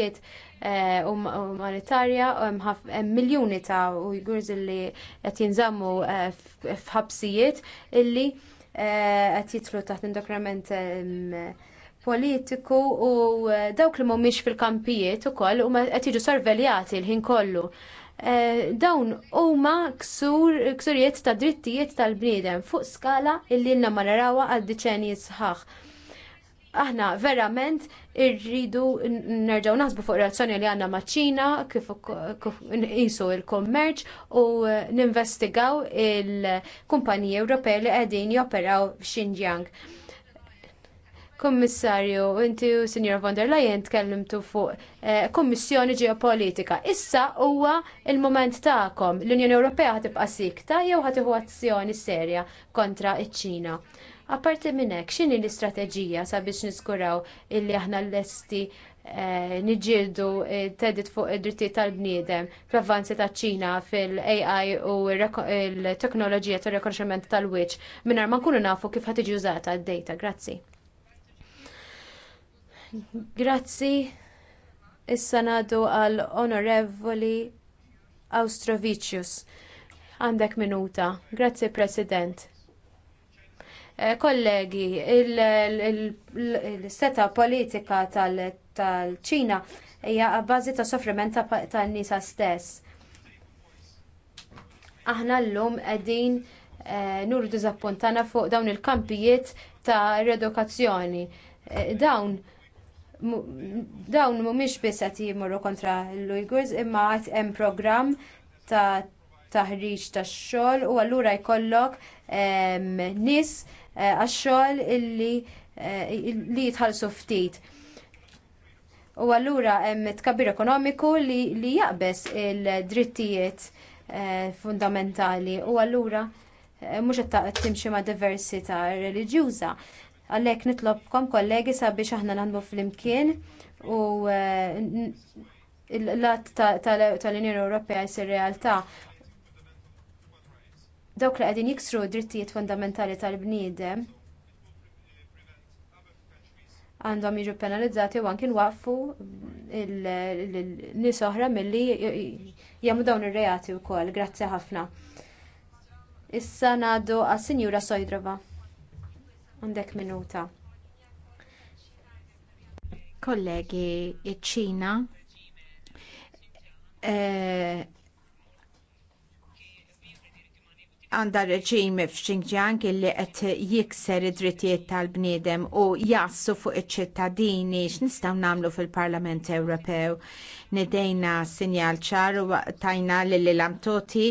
Eh, u um-, umanitarja um, hemm miljuni ta' Uyghurs li qed jinżammu eh, f'ħabsijiet illi eh, qed jitlu taħt indokrament politiku u dawk li mhumiex fil-kampijiet ukoll huma qed jiġu sorveljati l-ħin kollu. Dawn huma ksurijiet ta' drittijiet tal-bniedem fuq skala illi lna ma narawha għal diċenji sħaħ aħna verament irridu nerġgħu naħsbu fuq relazzjoni li għandna maċ-Ċina kif nqisu il-kommerċ u eh, ninvestigaw il-kumpaniji Ewropej li qegħdin joperaw f'Xinjiang. Kommissarju, inti u Sinjor von der Leyen tkellimtu fuq eh, Kommissjoni Ġeopolitika. Issa huwa il-moment tagħkom. L-Unjoni Ewropea ħatibqa' sikta jew ħatiħu azzjoni serja kontra ċ-Ċina. Apparti minn hekk, x'inhi l-istrateġija sabiex niskuraw illi aħna lesti eh, niġġieldu eh, tedit fuq id-drittijiet tal-bniedem fl-avvanzi taċ-Ċina fil-AI u l-teknoloġija tar-rikonoxximent tal-wiċċ mingħajr ma nkunu nafu kif ħad tiġi użata d-data. Grazzi. Grazzi. Issa ngħadu għall onorevoli Austrovicius. Għandek minuta. Grazzi President Eh, kollegi, il-seta politika tal-ċina hija bażi ta' soffriment tan-nisa stess. Aħna llum qegħdin eh, nuru diżappuntana fuq dawn il-kampijiet ta' redukazzjoni. Eh, dawn dawn mhumiex biss qed jimorru kontra l-Uyghurs imma qed hemm programm ta' taħriġ tax-xogħol u allura jkollok ehm, nies Eh, għax-xogħol illi eh, li jitħallsu ftit. U allura hemm tkabbir ekonomiku li jaqbes il-drittijiet eh, fundamentali u allura mhux qed timxi ma' diversità reliġjuża. Għalhekk nitlobkom kollegi sabiex aħna naħdmu flimkien u l-att tal-Unjoni Ewropea jsir realtà dawk li qegħdin jiksru d-drittijiet fundamentali tal-bniedem għandhom jiġu penalizzati u anki nwaqfu nies oħra milli jagħmlu dawn ir-reati wkoll. Grazzi ħafna. Issa ngħaddu għas-Sinjura Sojdrova. Għandek minuta. Kollegi, iċ-Ċina eh, għanda reġim f'Xinjiang illi qed jikser id-drittijiet tal-bniedem u jassu fuq iċ-ċittadini x'nistgħu nagħmlu fil-Parlament Ewropew. Nidejna sinjal ċar u tajna lil Lamtoti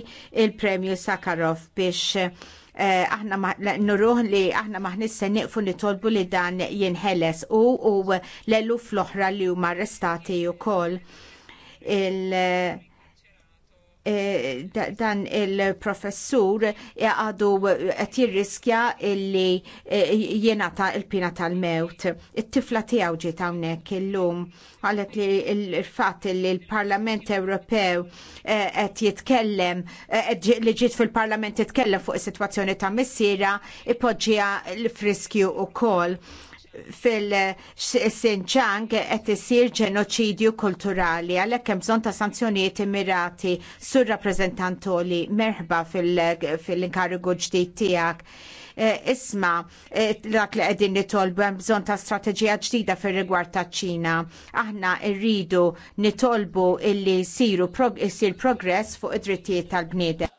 il-Premju Sakharov biex eh, aħna nurruħ li aħna maħnis se niqfu nitolbu li dan jinħeles u u l-eluf l-oħra li huma arrestati wkoll il- E, dan il-professur għadu qed jirriskja illi e, jenata il-pina tal-mewt. It-tifla tiegħu ġiet hawnhekk illum għalet li l-fatt li l-Parlament Ewropew e, qed jitkellem li ġiet fil-Parlament jitkellem fuq is-sitwazzjoni ta' missiera ipoġġija l-friskju wkoll fil-Sinċang qed isir ġenoċidju kulturali għalhekk hemm bżonn ta' sanzjonijiet immirati sur rappreżentantoli merħba fil-inkarigu ġdid tiegħek. E, isma, e, dak li qegħdin nitolbu hemm bżonn ta' strateġija ġdida fir-rigward taċ-Ċina. Aħna rridu nitolbu illi siru progress fuq id-drittijiet tal-bniedem.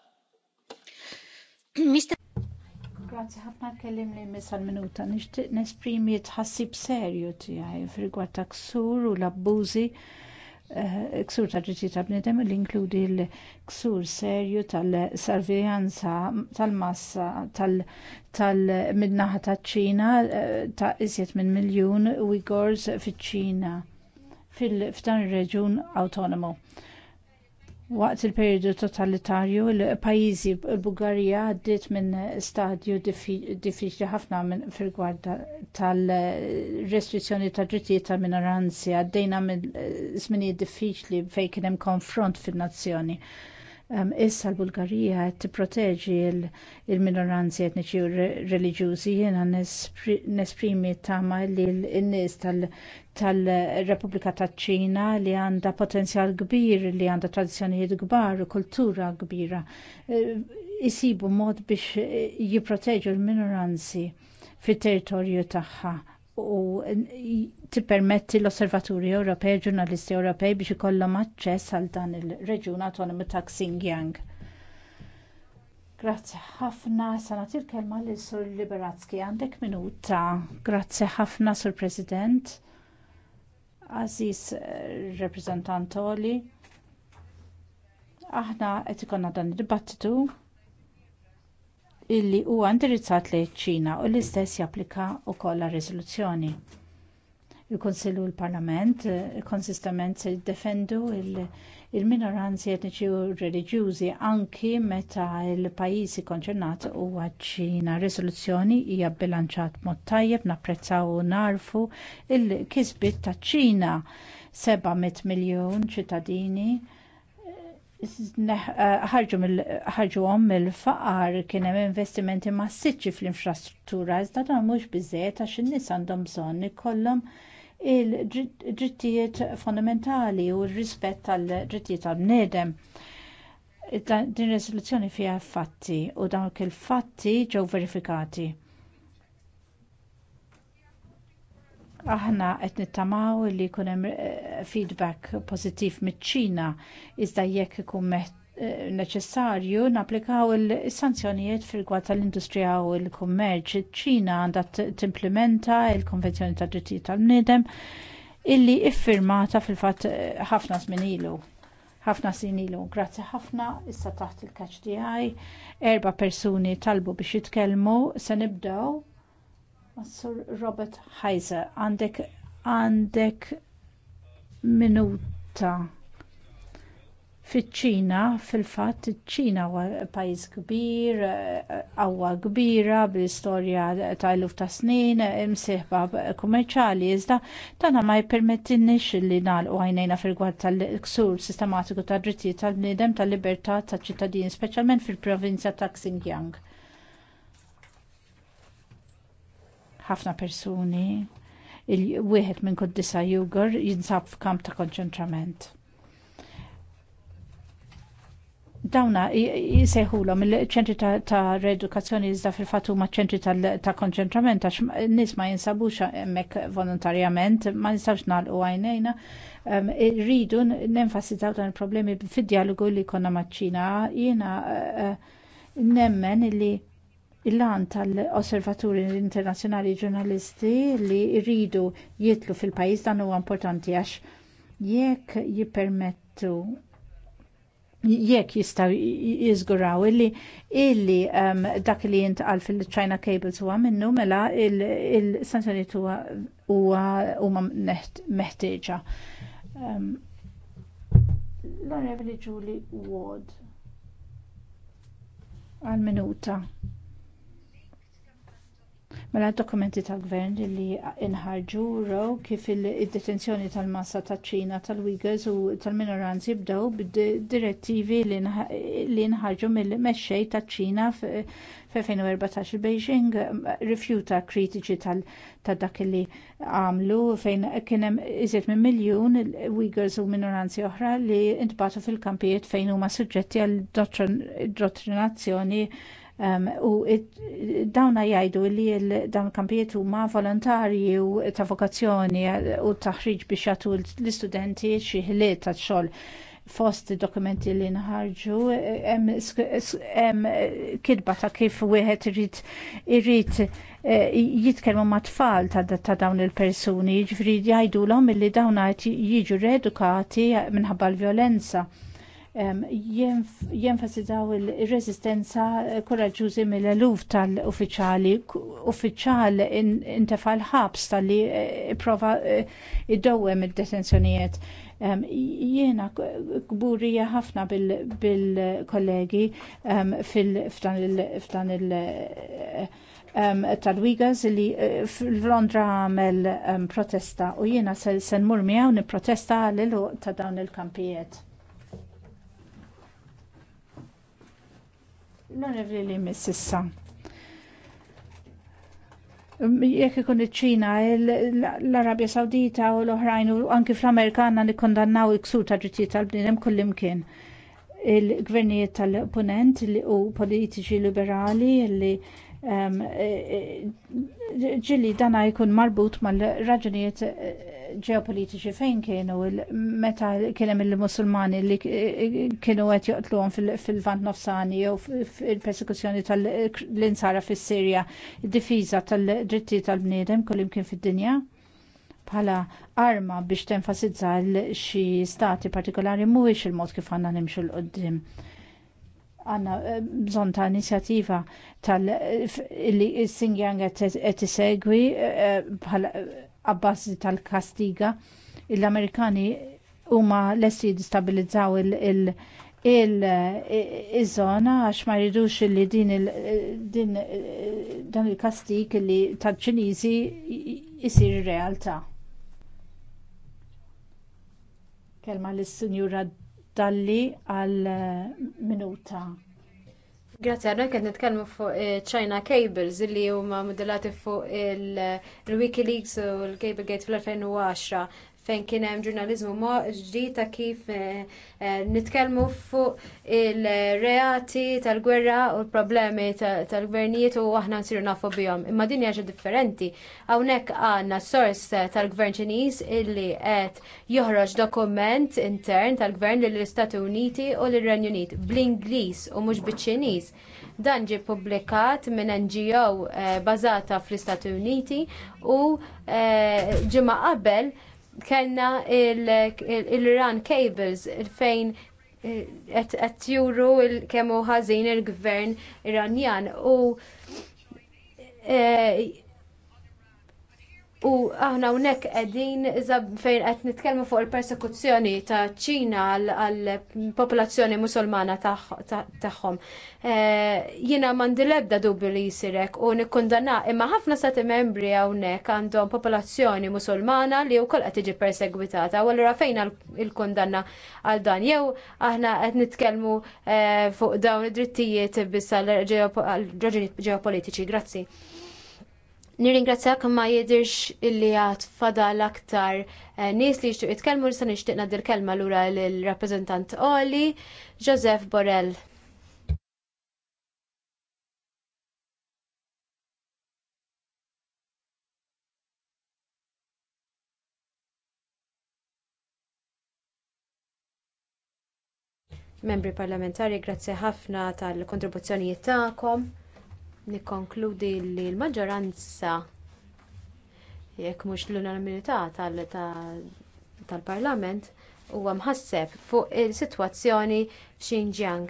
Grazie ħafna kellim li misal minuta nixtieq nesprimi tħassib serju tiegħi f'rigward ta' ksur u l-abbużi eh, ksur ta' ġiġi ta' bnidem li inkludi l-ksur serju tal-sarvijanza tal-massa tal-midnaħa ta' ċina eh, ta' iżjed minn miljun Uyghurs fiċ-Ċina fil-ftan ir-reġjun awtonomu Waqt il-periodu totalitarju, il-pajizi l bulgarija għaddiet minn stadju diffiċli ħafna fil-gwad tal-restrizzjoni ta' drittijiet tal-minoranzi għaddejna minn żminijiet eh, diffiċli fejn kien hemm konfront fin-nazzjoni. Ehm, issa l-Bulgarija qed tipproteġi l-minoranzi etniċi u reliġjużi jiena nesprimi tama li n-nies tal- tal-Repubblika taċ ċina li għandha potenzjal kbir, li għandha tradizzjonijiet kbar, kultura kbira, eh, isibu mod biex eh, jipproteġu l-minoranzi fit-territorju tagħha u eh, tippermetti l-osservaturi Ewropej, ġurnalisti Ewropej biex ikollhom aċċess għal dan il-reġjun autonomi ta' Xinjiang. Grazzi ħafna, sanat il-kelma lil sur Liberatski, għandek minuta. Grazzi ħafna sur President Aziz eh, rappresentantoli, aħna qed ikollna dan id-dibattitu illi huwa indirizzat lejn ċina u l-istess japplika wkoll għar-riżoluzzjoni. Il-Kunsill u l-Parlament eh, konsistament se jiddefendu il-minoranzi etniċi u reliġjużi anki meta l-pajjiżi konċernat huwa ċina Risoluzzjoni hija bbilanċat mod tajjeb napprezzaw u narfu l-kisbiet taċ-Ċina 700 miljun ċittadini eh, ħarġu għom mill-faqar kien hemm investimenti massiċċi fl-infrastruttura iżda dan mhux biżżejjed għax in-nies għandhom bżonn ikollhom il-drittijiet fondamentali u r-rispett tal-drittijiet tal-bniedem. Din resoluzzjoni fiha fatti u dawk il-fatti ġew verifikati. aħna qed nittamaw li jkun hemm eh, feedback pożittiv miċ-Ċina iżda jekk ikun meħt neċessarju napplikaw il-sanzjonijiet fil tal-industrija u l-kummerċ. ċina għandha timplementa l konvenzjoni tad drittijiet tal-Bniedem illi iffirmata fil-fatt ħafna żmien ilu. Ħafna sin ilu. Grazzi ħafna issa taħt il-catch DI. Erba persuni talbu biex jitkellmu se nibdew. Sur Robert Heiser, għandek għandek minuta. Fiċ-Ċina, fil-fatt, iċ ċina huwa pajjiż kbir, qawwa kbira bl-istorja ta' iluf ta' snin, imsieħba kummerċjali, iżda tagħna ma jippermettilniex li nagħlqu għajnejna fil-gwatt tal-ksur sistematiku tad drittijiet tal-bniedem tal-libertà taċ-ċittadini, speċjalment fil-provinzja ta' Xinjiang. Ħafna persuni, il-wieħed minn kuddisa Jugur jinsab f'kamp ta' konċentrament dawna jisejħulhom il-ċentri ta' reedukazzjoni iżda fil-fatt huma ċentri ta' konċentrament għax nies ma jinsabux hemmhekk volontarjament, ma nistgħux nagħlqu għajnejna. Ehm, rridu nenfasizzaw dan il-problemi fid-dialogu li konna maċ-Ċina. Jiena eh, eh, nemmen li il-lan tal-osservaturi internazzjonali ġurnalisti li rridu jitlu fil-pajjiż dan huwa importanti għax jekk jippermettu jekk jistaw jizguraw illi illi um, dak li jintqal fil-China Cables huwa minnu mela il sanzjoni il huwa huma meħtieġa. Um, L-Onorevoli Julie Ward għal minuta mela d-dokumenti tal-gvern li inħarġu raw kif id-detenzjoni tal-massa taċ-ċina tal-uigurs u tal-minoranzi bdew bid-direttivi li nħarġu mill-mexxej taċ-ċina f-2014 il-beijing rifjuta kritiċi ta' dak li għamlu fejn kien hemm iżjed minn miljun Uyghurs u minoranzi oħra li intbatu fil-kampijiet fejn huma suġġetti għal dottrinazzjoni u dawna jgħidu li dawn kampijiet huma volontarji u ta' vokazzjoni eh, u taħriġ biex jatu l-istudenti xi ta' xogħol fost dokumenti li nħarġu hemm eh, kidba ta' kif wieħed irid irid eh, jitkellmu ma' tfal ta' dawn il-persuni, jiġifieri jgħidulhom milli dawn dawna jiġu redukati minħabba l-vjolenza jenfasizzaw il resistenza eh, korraġuzi mill-eluf tal-uffiċali, Uffiċali intefa ħabs tal-li eh, prova eh, id-dowem il-detenzjonijiet. Jiena kburija ħafna bil-kollegi f'dan il- tal-Wigas li f'Londra għamel protesta u jiena se nmur miegħu nipprotesta l ta' dawn il-kampijiet L-onorevoli mississa. Jekk ikun iċ-Ċina, l-Arabja Sawdita u l-oħrajn u anki fl-Amerika għandna nikkondannaw il-ksur ta' ġittijiet tal-bniedem kullimkien. Il-gvernijiet tal opponent u politiċi liberali li ehm, e, e, ġilli dana jkun marbut mal-raġunijiet ġeopolitiċi fejn kienu meta kien hemm il-Musulmani li kienu qed joqtluhom fil-Vant Nofsani jew il-persekuzzjoni tal-insara fis-Sirja, id-difiża tal-dritti tal-bniedem kullimkien fid-dinja bħala arma biex tenfasizza l-xi stati partikolari mhuwiex il-mod kif għandna nimxu l qudiem għanna eh, bżon ta' inizjattiva tal-li s-singjang għet t-segwi għabbażi tal-kastiga. L-Amerikani huma lesti jistabilizzaw il- il-żona għax ma jridux li din dan il-kastik li tal-ċiniżi jisir realtà. Kelma lis sinjura Dalli għal minuta. Grazie, għanna kħed nitkellmu fuq eh, China Cables illi huma modellati fuq il-Wikileaks u l-Cablegate fl-2010 fejn kien hemm ġurnaliżmu ġdid ta' kif eh, eh, nitkellmu fuq il-reati tal-gwerra u l-problemi tal-gvernijiet u aħna nsiru nafu bihom. Imma din hija differenti. Hawnhekk għandna sors tal-gvern Ċiniż illi qed joħroġ dokument intern tal-gvern lill-Istati Uniti u lir-Renju Unit bl-Ingliż u mhux biċ-Ċiniż dan ġie ppubblikat minn NGO eh, bażata fl-Istati Uniti u ġimgħa qabel kellna il-Iran Cables fejn eh, qed juru kemm ħażin il-gvern Iranjan u eh, U aħna hawnhekk qegħdin iżda fejn qed nitkellmu fuq il-persekuzzjoni ta' Ċina għal popolazzjoni musulmana tagħhom. Eh, jiena m'għandi l-ebda dubju li jsirek u nikkundanna imma ħafna stati membri hawnhekk għandhom popolazzjoni musulmana li wkoll qed tiġi persegwitata u allura fejn il-kundanna għal dan jew aħna qed nitkellmu eh, fuq dawn id-drittijiet biss għal ġeopolitiċi. Grazzi. Nirringrazzjak ma jidirx illi għat fadal aktar eh, nies li jixtuq jitkellmu nista' nixtieq ngħaddi l ura lura lill-rappreżentant Oli, Joseph Borrell. Membri parlamentari, grazie ħafna tal-kontribuzzjonijiet tagħkom nikkonkludi li l-maġġoranza jekk mhux l-unanimità tal-Parlament huwa mħasseb fuq is-sitwazzjoni f'Xinjiang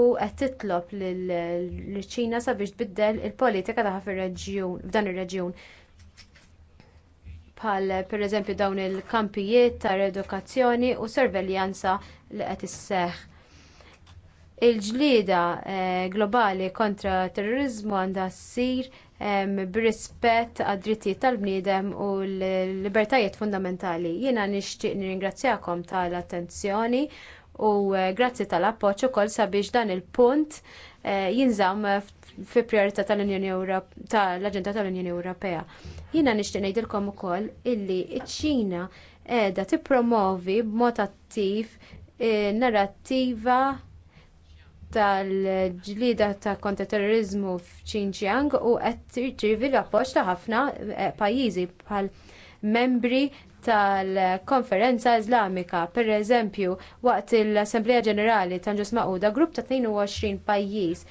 u qed titlob lill-Ċina sabiex tbiddel il-politika tagħha reġjun f'dan ir-reġjun. Bħal pereżempju dawn il-kampijiet ta' reedukazzjoni u sorveljanza li qed isseħħ il-ġlieda eh, globali kontra t terrorizmu għandha ssir eh, bir-rispett għad-drittijiet tal-bniedem u l-libertajiet fundamentali. Jiena nixtieq nirringrazzjakom tal-attenzjoni u eh, grazzi tal-appoġġ ukoll sabiex dan il-punt jinżamm fi priorità tal-Unjoni tal-Aġenda tal-Unjoni Ewropea. Jiena nixtieq ngħidilkom ukoll illi ċ-Ċina qiegħda tippromovi b'mod attiv narrattiva tal-ġlida ta' kontra terrorizmu f'Xinjiang u qed tirċievi l-appoġġ ta' ħafna eh, pajjiżi bħal membri tal-Konferenza Iżlamika, pereżempju waqt l-Assembleja Ġenerali ta' Ġus Maquda, grupp ta' 22 pajjiż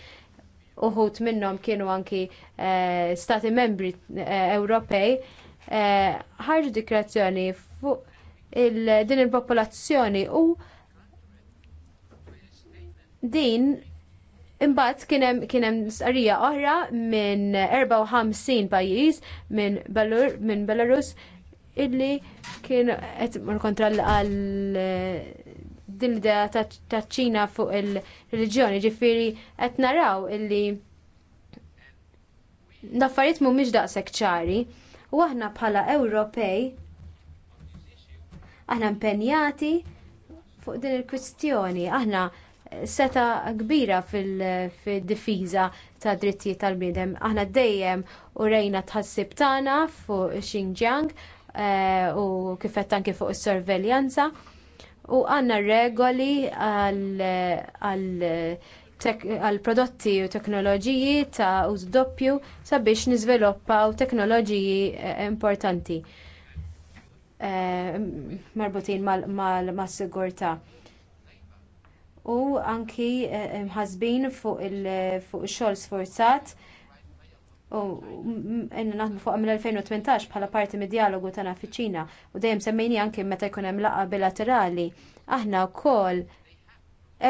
uħut minnhom kienu anki eh, stati membri eh, Ewropej ħarġu e, dikrazzjoni fuq il din il-popolazzjoni u Din Imbagħad kien hemm kien hemm sqarrija oħra minn 54 pajjiż minn Belur minn Belarus illi kien qed kontra għal eh, din l-idea taċ ċina fuq il-reliġjoni, ġifieri qed naraw illi l-affarijiet mhumiex daqshekk ċari u aħna bħala Ewropej aħna impenjati fuq din il-kwistjoni aħna seta kbira fil-difiża tad drittijiet tal-bniedem. Aħna dejjem u rejna tħassib tagħna fuq Xinjiang eh, u kif qed anke fuq is-sorveljanza u għandna regoli għal prodotti u teknoloġiji ta' uż doppju sabiex niżviluppaw teknoloġiji eh, importanti eh, marbutin mas-sigurtà. Ma u anki eh, mħasbin fuq il-xogħol sforzat u naħdmu fuq mill-2018 bħala parti mid-dialogu tagħna fiċ-Ċina u dejjem semmejni anki meta jkun hemm laqgħa bilaterali. Aħna wkoll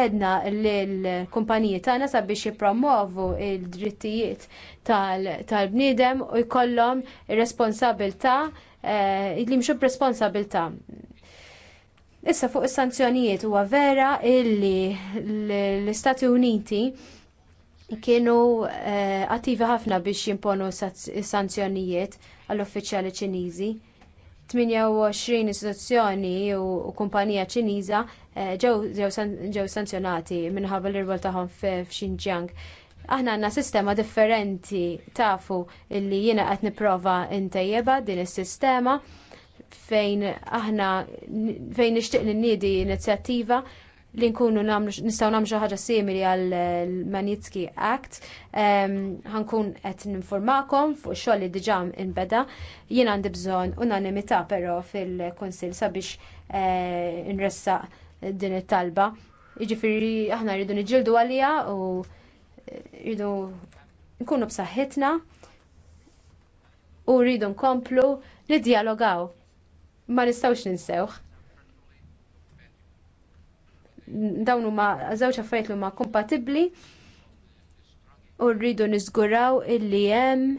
edna l-kumpaniji tagħna sabiex jippromovu l drittijiet tal-bniedem u jkollhom ir-responsabilità eh, li mxu b'responsabilità. Issa fuq is-sanzjonijiet huwa vera illi l-Istati Uniti kienu eh, attivi ħafna biex jimponu sanzjonijiet għall-uffiċjali Ċiniżi. 28 istituzzjoni u kumpanija Ċiniża eh, ġew sanzjonati minħabba l-irwol tagħhom f'Xinjiang. Aħna għandna sistema differenti tafu illi jiena qed nipprova ntejjeba din is-sistema fejn aħna fejn nixtieq ninnidi inizjattiva li nkunu nistgħu nagħmlu xi ħaġa simili għal manitski Act. Ħankun qed ninformakom fuq xogħol li diġà inbeda. Jien għandi bżonn unanimità però fil-Kunsill sabiex eh, nressaq din it-talba. Jiġifieri aħna rridu niġġieldu għalija u rridu nkunu b'saħħitna u rridu nkomplu niddialogaw ma nistgħux ninsewh. Dawn huma żewġ affarijiet ma huma kompatibbli u rridu niżguraw illi hemm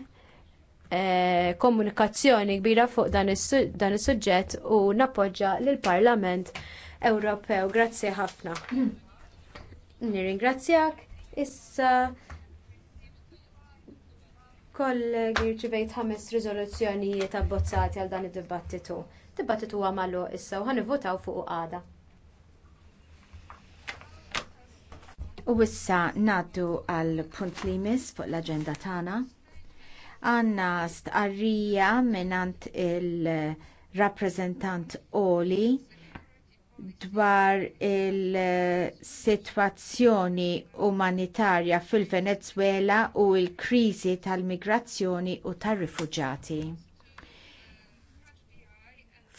eh, komunikazzjoni kbira fuq dan is-suġġett u nappoġġa lill Parlament Ewropew. Grazzi ħafna. Niringrazzjak Issa kollegi rċivejt ħames riżoluzzjonijiet abbozzati għal dan id-dibattitu dibattitu huwa magħluq issa u ħanivvotaw fuq għada. U issa ngħaddu għal punt li jmiss fuq l-aġenda tagħna. Għandna stqarrija mingħand il-rappreżentant Oli dwar il-sitwazzjoni umanitarja fil-Venezwela u l-kriżi tal-migrazzjoni u tar-rifuġjati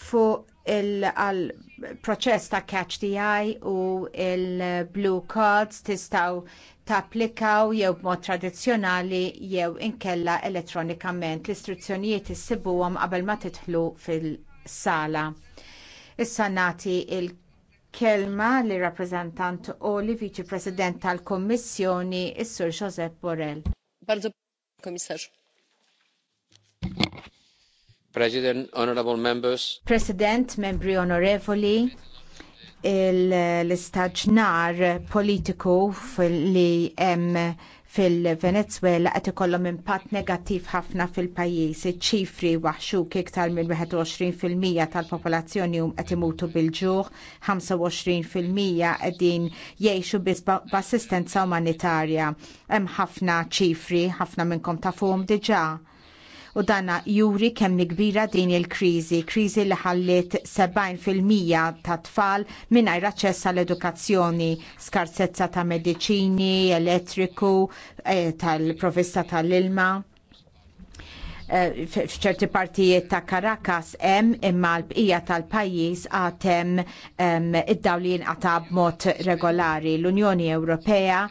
fuq il-proċess ta' catch the eye u il-blue cards tistaw tapplikaw jew b'mod tradizzjonali jew inkella elettronikament l-istruzzjonijiet issibuhom qabel ma titħlu fil-sala. Issa nagħti il kelma li rappresentant li Viċi President tal-Kommissjoni, is-Sur Josep Borrell. Bardzo komisarz. President, honorable members. President, membri onorevoli, l-istaġnar politiku li hemm fil-Venezuela qed ikollhom impatt negattiv ħafna fil-pajjiż. Iċ-ċifri waħxuk iktar minn 21% tal-popolazzjoni hum qed imutu bil-ġuħ, 25% qegħdin jgħixu biss b'assistenza umanitarja. Hemm ħafna ċifri, ħafna minnkom tafuhom diġà u dana juri kemm kbira din il-kriżi, kriżi li ħallit 70% ta' tfal mingħajr aċċess għall edukazzjoni skarsezza ta' medicini, elettriku, eh, tal-provista tal-ilma eh, f'ċerti partijiet ta' Caracas hemm imma l-bqija tal-pajjiż għad hemm ehm, id-dawlin qata' b'mod regolari. L-Unjoni Ewropea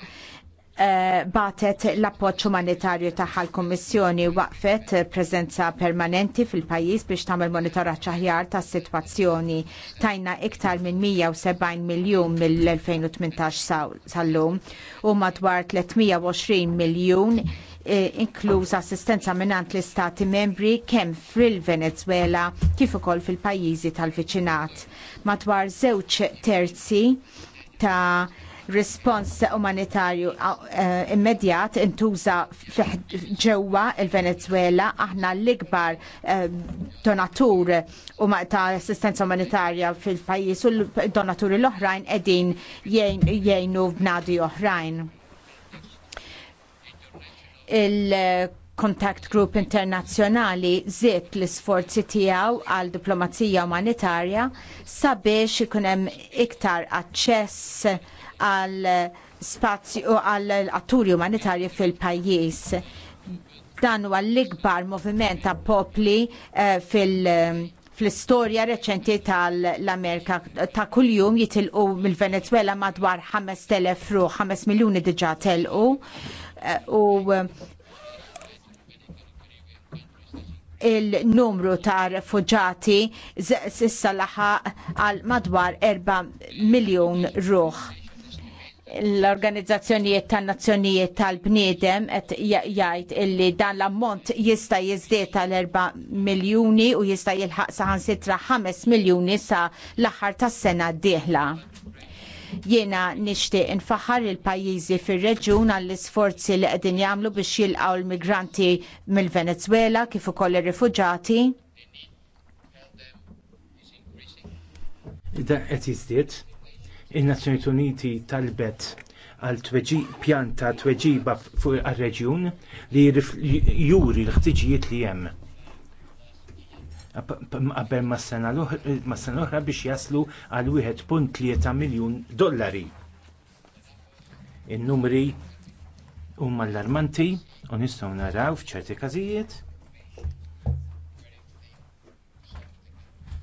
Eh, batet l-appoċ umanitarju taħħa l-Kommissjoni waqfet prezenza permanenti fil-pajis biex tamel monitora ċaħjar ta' situazzjoni tajna iktar minn 170 miljon mill-2018 sal-lum u madwar 320 miljon eh, inkluż assistenza minnant l-istati membri kemm fil-Venezuela kif ukoll fil-pajjiżi tal-viċinat. Madwar żewġ terzi ta' rispons umanitarju eh, immedjat intuża ġewwa il-Venezuela aħna l-ikbar eh, donatur ta' assistenza umanitarja fil-pajjiż u l-donaturi l-oħrajn qegħdin jgħinu b'nadi oħrajn. Il- Contact Group Internazzjonali zitt l-isforzi tiegħu għal diplomazija umanitarja sabiex ikun hemm iktar aċċess għal spazju għal atturi umanitarji fil-pajjiż. Dan huwa l-ikbar moviment ta' popli fil- fl-istorja reċenti tal-Amerika ta' kuljum jitilqu mill-Venezuela madwar 5.000 ruħ, 5 miljoni diġa telqu u il-numru ta' refugġati sissa laħaq għal madwar 4 miljon ruħ l-organizzazzjonijiet tan nazzjonijiet tal-bniedem qed jgħid illi dan l-ammont jista' jiżdied tal-4 miljuni u jista' jilħaq saħansitra 5 miljuni sa l-aħħar tas-sena d-dieħla. Jiena nixtieq infaħar il-pajjiżi fir-reġjun għall isforzi li qegħdin jagħmlu biex jilqgħu l-migranti mill-Venezuela kif ukoll ir-rifuġati. Da qed jiżdied in-Nazzjonijiet Uniti talbet gal pjanta tweġiba fuq għal-reġjun li juri l-ħtiġijiet li hemm. Qabel mas sena l-oħra biex jaslu għal 1.3 miljun dollari. In-numri huma allarmanti u nistgħu naraw f'ċerti każijiet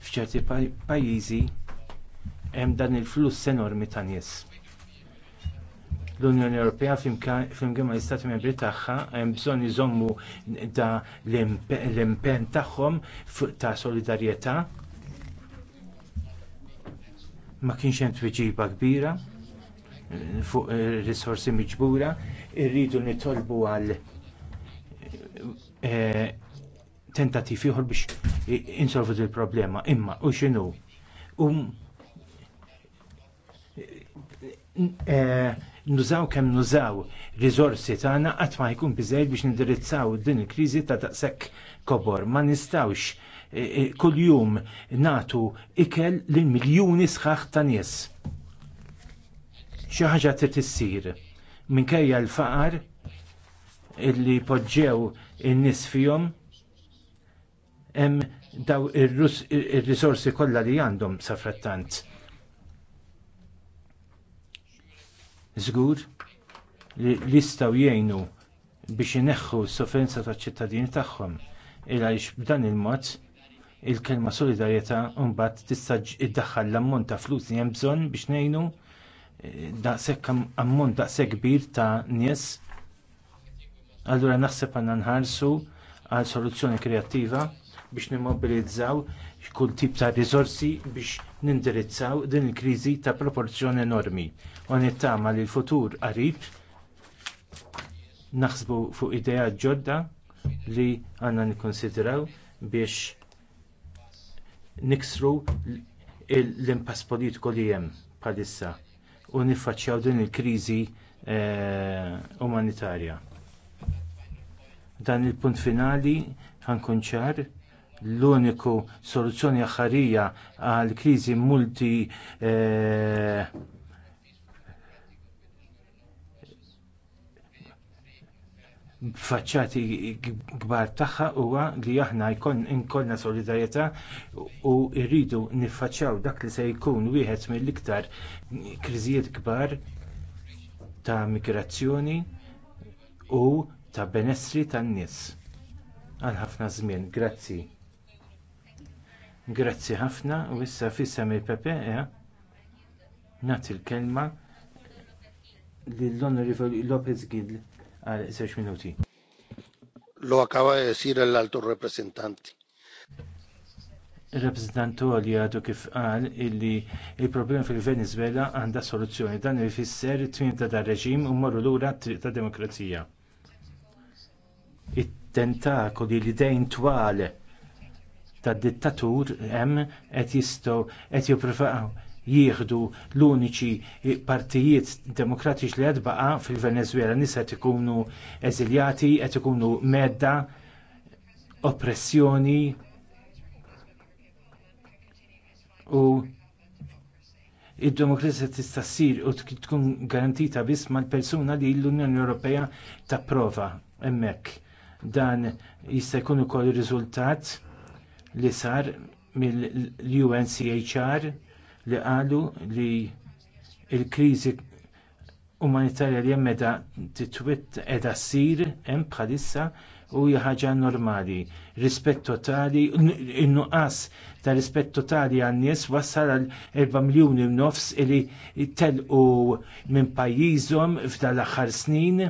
f'ċerti pajjiżi hemm dan il-fluss enormi ta' nies. L-Unjoni Ewropea flimkien mal istati Membri tagħha hemm bżonn iżommu da l-impenn tagħhom ta' solidarjetà ma kienx hemm tweġiba kbira eh, fuq eh, risorsi miġbura, irridu nitolbu għal eh, tentativ ieħor biex insolvu il problema Imma, u x'inhu? Um, Eh, nużaw kemm nużaw rizorsi tagħna qatt ma jkun biżejjed biex nindirizzaw din il-kriżi ta' daqshekk kobor. Ma nistawx eh, eh, kuljum natu ikel lil miljuni sħaħ ta' nies. Xi ħaġa trid issir minkejja l-faqar illi poġġew in-nies fihom hemm daw ir-risorsi kollha li għandhom sa frattant żgur li jistgħu jgħinu biex ineħħu s-sofferenza taċ-ċittadini tagħhom il għaliex b'dan il-mod il-kelma solidarjetà mbagħad tista' iddaħħal l-ammont ta' flus li hemm bżonn biex ngħinu eh, daqshekk ammont daqshekk kbir ta' nies. Allura naħseb għandna nħarsu għal soluzzjoni kreattiva biex nimmobilizzaw kull tip ta' risorsi biex nindirizzaw din il-kriżi ta' proporzjoni enormi. U nittama li l-futur qarib naħsbu fuq ideja ġodda li għandna nikonsidraw biex niksru l-impass politiku li hemm bħalissa u niffaċċjaw din il-kriżi eh, umanitarja. Dan il-punt finali ħankun ċar l-uniku soluzzjoni aħħarija għal kriżi multi eh, faċċati kbar tagħha huwa li aħna jkun inkollna solidarjetà u rridu niffaċċjaw dak li se jkun wieħed mill-iktar kriżijiet kbar ta' migrazzjoni u ta' benessri tan-nies għal ħafna żmien. Grazzi. Grazzi ħafna u issa fissem il-PPE eh? nagħti l-kelma lill-Onorevoli Lopez Gil għal 6 minuti. Lo acaba de decir el alto representante. Rappresentantu li għadu kif qal illi il-problema fil-Venezuela għandha soluzzjoni dan ifisser it-twim ta' dar reġim u morru lura ura ta' demokrazija. It-tentakoli li dejn twal ta' dittatur hemm qed jistgħu qed jippruvaw jieħdu l-uniċi partijiet demokratiċi li qed baqa' fil-Venezwela nisa qed ikunu eżiljati, qed ikunu medda, oppressjoni u id-demokrazija tista' ssir u tkun garantita biss mal-persuna li l-Unjoni Ewropea tapprova hemmhekk. Dan jista' jkun ukoll ir-riżultat li sar mill-UNCHR li qalu li l kriżi umanitarja li hemm edha titwitt qiegħda ssir hemm bħalissa u hija ħaġa normali. Rispett totali, in-nuqqas ta' rispett totali għan-nies wassal għal 4 miljuni nofs li telqu minn pajjiżhom f'dan l-aħħar snin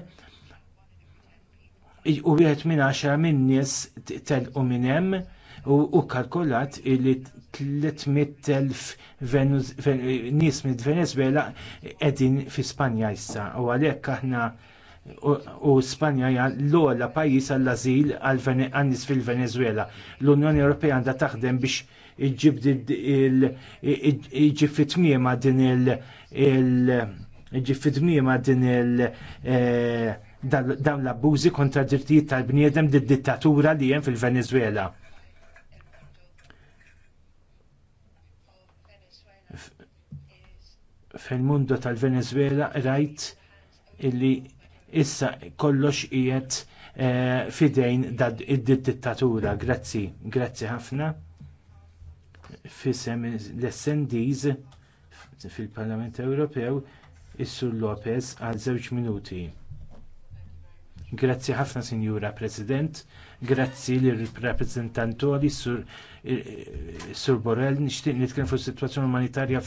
u wieħed minn 10 min nies telqu minn hemm u kalkulat li 300.000 nies minn Venezuela qegħdin fi Spanja issa u għalhekk aħna u Spanja hija l-ogħla pajjiż għall-ażil għan-nies fil-Venezuela. L-Unjoni Ewropea għandha taħdem biex iġib fitmiema din il- iġib din il- e, dawn l-abbużi kontra d-drittijiet tal-bniedem d-dittatura li hemm fil-Venezuela fil-mundu tal-Venezuela rajt illi issa kollox qiegħed eh, fidejn dad id-dittatura. Grazzi, grazzi ħafna. Fisem l-SNDs fil-Parlament Ewropew is-Sur Lopez għal żewġ minuti. Grazzi ħafna Sinjura President, grazzi lir rappresentantoli sur, eh, eh, sur Borrell nixtieq nitkellem fuq is-sitwazzjoni umanitarja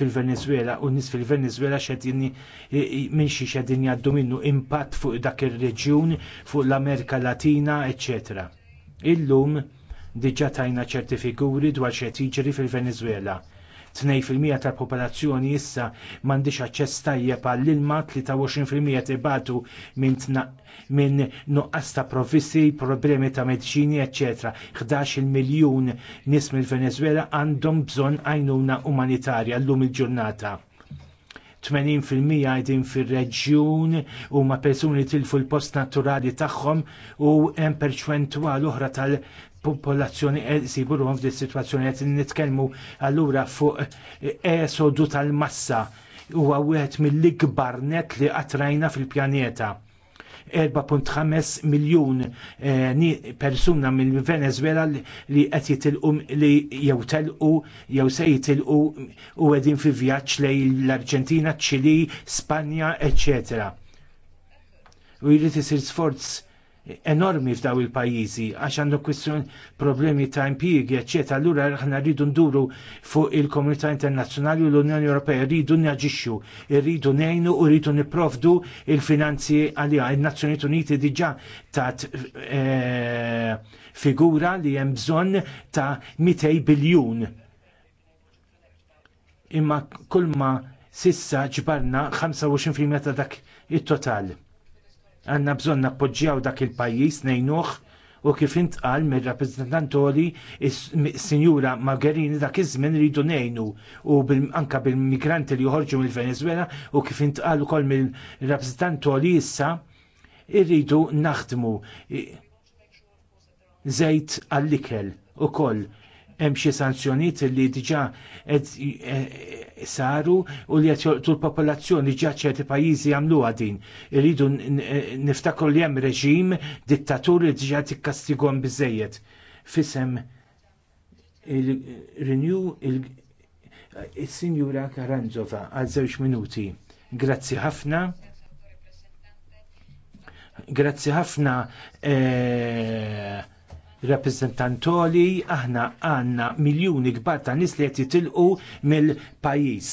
fil-Venezuela u nies fil-Venezuela x'qegħdin minn xi x'qegħdin jgħaddu minnu impatt fuq dak ir-reġjun, fuq l-Amerika Latina, eċċetera. Illum diġà tajna ċerti figuri dwar x'qed jiġri fil-Venezuela 2% tal-popolazzjoni issa m'għandix aċċess tajjeb għall-ilma 23% ibatu minn nuqqas ta' provvisti, problemi ta' mediċini, ecc. 11 miljun nis mill-Venezuela għandhom bżonn għajnuna umanitarja llum il-ġurnata 80% għajdin fil-reġjun u ma persuni tilfu l-post naturali tagħhom u hemm perċentwal oħra tal-popolazzjoni siburuhom f'din is-sitwazzjoni qed nitkellmu allura fuq esodu tal-massa huwa wieħed mill-ikbar net li qatrajna fil-pjaneta 4.5 miljun eh, persuna mill venezuela li qed jitilqu li jew telqu jew se jitilqu u qegħdin fi vjaġġ lejn l-Arġentina, ċili, Spanja, eċċetera. U jrid isir sforz enormi f'daw il-pajjiżi għax għandu kwistjon problemi ta' impjiegi, ecc. Allura aħna rridu nduru fuq il-komunità internazzjonali u l-Unjoni Ewropea rridu naġixxu, rridu ngħinu u rridu nipprovdu il-finanzi għalija. Il-Nazzjonijiet Uniti diġà tat e, figura li hemm bżonn ta' 200 biljun. Imma kull ma sissa ġbarna 25% ta' dak it-total Għanna bżonn nappoġġjaw dak il-pajjiż ngħinuh u kif intqal mir-rappreżentantoli is-Sinjura Margarini dak iż-żmien iridu ngħinu u anka bil-migranti li joħorġu mill-Venezuela u kif intqal ukoll mill-rappreżentantoli issa irridu naħdmu żejt għall-ikel ukoll hemm xi sanzjonijiet li diġà e- e- saru u li qed jolqtu l-popolazzjoni ġa ċerti pajjiżi jagħmluha din. Iridu e- niftakru li hemm reġim dittatur li diġà tikkastigom biżejjed. Fisem il-renew il-Sinjura Karanzova għal żewġ minuti. Grazzi ħafna. Grazzi ħafna. Eh, rappresentantoli aħna għandna miljuni kbar ta' nies li qed jitilqu mill-pajjiż.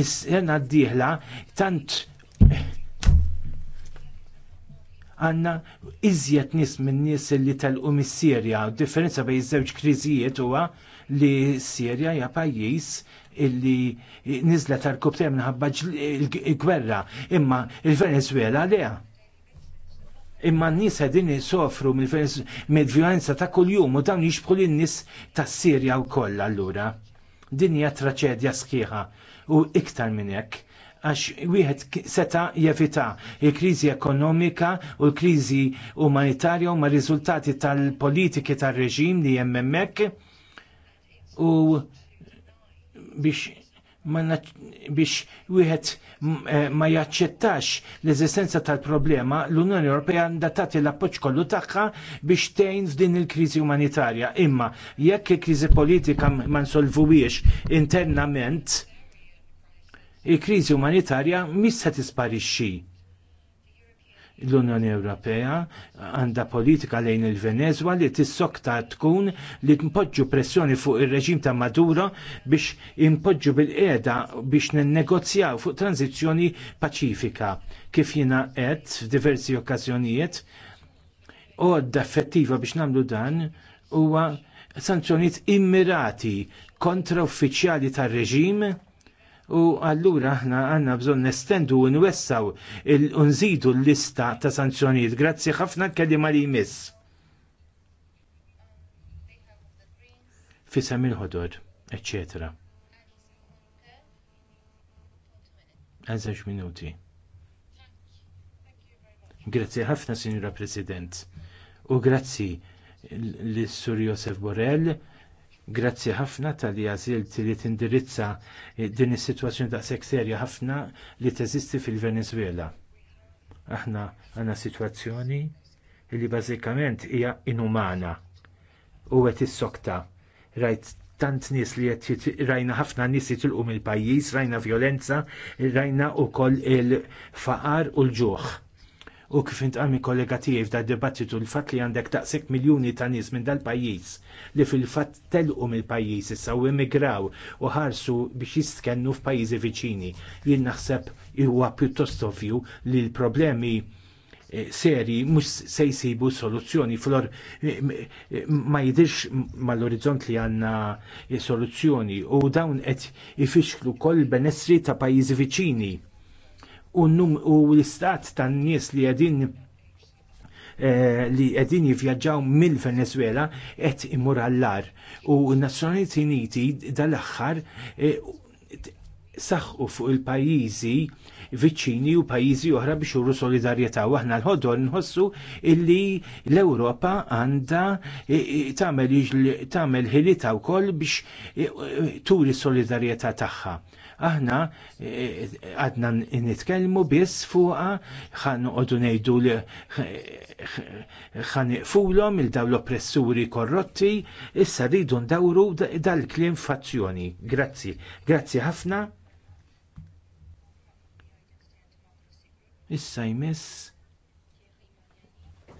Is-sena d-dieħla tant għanna iżjed nis minn nies li telqu mis-Sirja. Differenza bejn iż-żewġ kriżijiet huwa li Sirja hija pajjiż illi nizlet tal-kubtem minħabba l-gwerra, imma il-Venezuela leha imma n-nies għedin jisofru mill-vjolenza ta' kuljum u dawn jixbħu lin-nies tas-Sirja wkoll allura. Din hija traċedja sħiħa u iktar minn hekk għax wieħed seta jevita il-kriżi ekonomika u l-kriżi umanitarja u ma' riżultati tal-politiki tar-reġim li hemm u biex biex wieħed eh, ma jaċċettax l-eżistenza tal-problema, l-Unjoni Ewropea għandha tagħti l-appoġġ kollu tagħha biex tgħin f'din il-kriżi umanitarja. Imma jekk il-kriżi politika ma nsolvuwiex internament, il-kriżi umanitarja mis se tisparixxi l-Unjoni Ewropea għandha politika lejn il-Venezwa li tissokta tkun li tpoġġu pressjoni fuq ir-reġim ta' Maduro biex impoġġu bil-qeda biex nennegozjaw fuq tranzizzjoni paċifika kif jiena qed f'diversi okkażjonijiet għodda effettiva biex nagħmlu dan huwa sanzjonijiet immirati kontra uffiċjali tar-reġim U allura aħna għanna bżon nestendu u nwessaw il-unżidu l-lista ta' sanzjonijiet. Grazzi ħafna kelima li jmiss. Fisem il-ħodod, etc. Għazax minuti. Grazzi ħafna, Signora President. U grazzi l-Sur Josef Borrell Grazzi ħafna tal-li li tindirizza eh, din is-sitwazzjoni ta' serja ħafna li teżisti fil-Venezuela. Aħna għandna sitwazzjoni li bażikament hija inumana u qed issokta. Rajt tant nies li qed rajna ħafna nies jitilqu mill-pajjiż, rajna vjolenza, rajna wkoll il-faqar u l-ġuħ u kif intqal minn kollega tiegħi f'dan dibattitu l-fatt li għandek taqsek miljuni ta' nies minn dal-pajjiż li fil-fatt telqu mill-pajjiż issa u emigraw u ħarsu biex jistkennu f'pajjiżi viċini. Jien naħseb huwa pjuttost ovvju li l-problemi eh, seri mhux se jsibu soluzzjoni flor eh, eh, ma jidirx mal-orizzont li għandna soluzzjoni u dawn qed ifixklu wkoll benessri ta' pajjiżi viċini u l-istat tan-nies li qegħdin eh, li jivvjaġġaw mill-Venezuela qed imur għall-ar. U n-Nazzjonijiet Uniti dal-aħħar eh, saħħu fuq il-pajjiżi viċini u pajjiżi oħra biex juru solidarjetà u aħna l-ħodor nħossu illi l-Ewropa għandha eh, tagħmel ħilita wkoll biex turi solidarjetà tagħha aħna e, e, għadna nitkellmu biss fuqha ħan għodu ngħidu li ħan iqfulhom il dawn l-oppressuri korrotti, issa rridu ndawru dal-kliem fazzjoni. Grazzi, grazzi ħafna. Issa jmiss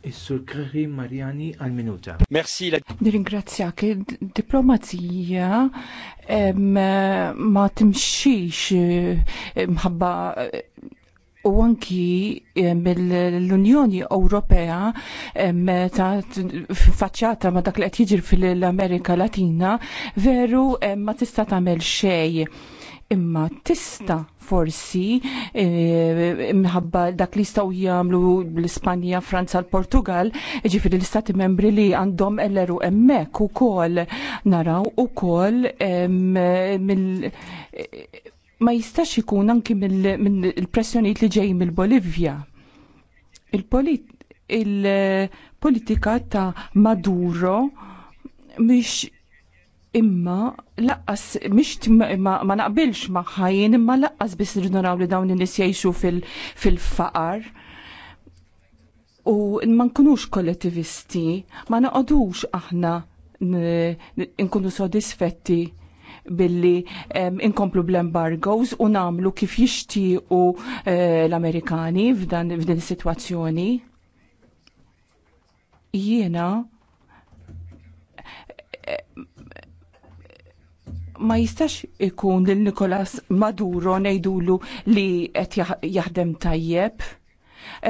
Is-Sur Karim Marjani għal minuta. Merci. la. il-diplomazija ma timxix eh, mħabba eh, u anki eh, mill-Unjoni Ewropea ta' faċċata ma' dak li qed jiġri fil-Amerika Latina veru ma tista' tagħmel xejn imma tista forsi eh, imħabba dak li jistgħu jagħmlu l-Ispanja, Franza, l-Portugal, ġifiri l-istati membri li għandhom emmek hemmhekk ukoll naraw ukoll ma jistax ikun anki mill-pressjonijiet li ġej mill-Bolivja. Il-politika ta' Maduro mhix imma laqqas mhix ma naqbilx maħħajin imma laqqas biss irridu li dawn in-nies jgħixu fil-faqar. U ma nkunux kollettivisti, ma naqodux aħna nkunu sodisfetti billi inkomplu bl-embargoes u namlu kif jixtiequ eh, l-Amerikani f'dan is-sitwazzjoni. Jiena ma jistax ikun li Nikolas Maduro nejdulu li qed jaħdem tajjeb.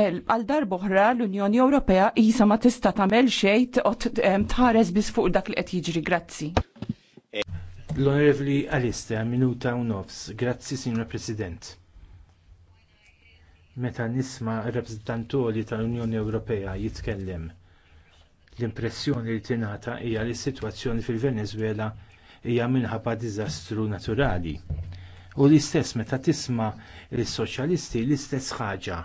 Għal darboħra l-Unjoni Ewropea jisa ma tista tagħmel xejn tħares biss fuq dak li qed jiġri. Grazzi. L-Onorevoli Alista, minuta u nofs. Grazzi, Signor President. Meta nisma r tal-Unjoni Ewropea jitkellem l-impressjoni li tingħata hija li s-sitwazzjoni fil-Venezuela hija minħabba diżastru naturali. U l-istess meta tisma' l-soċjalisti l-istess ħaġa.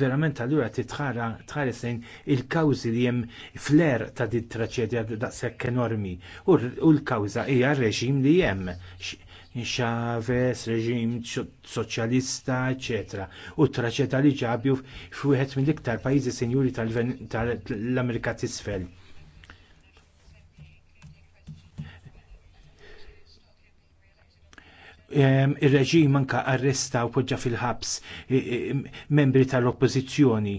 Verament allura titħara tħares lejn il-kawżi li hemm fler ta' din traċedja daqshekk enormi u l-kawża hija r-reġim li hemm. Chavez, reġim soċjalista, etc. U traċedja li ġabju f'wieħed mill-iktar pajjiżi sinjuri tal-Amerika t'isfel. ir-reġim anke arresta u poġġa fil-ħabs membri tal-oppożizzjoni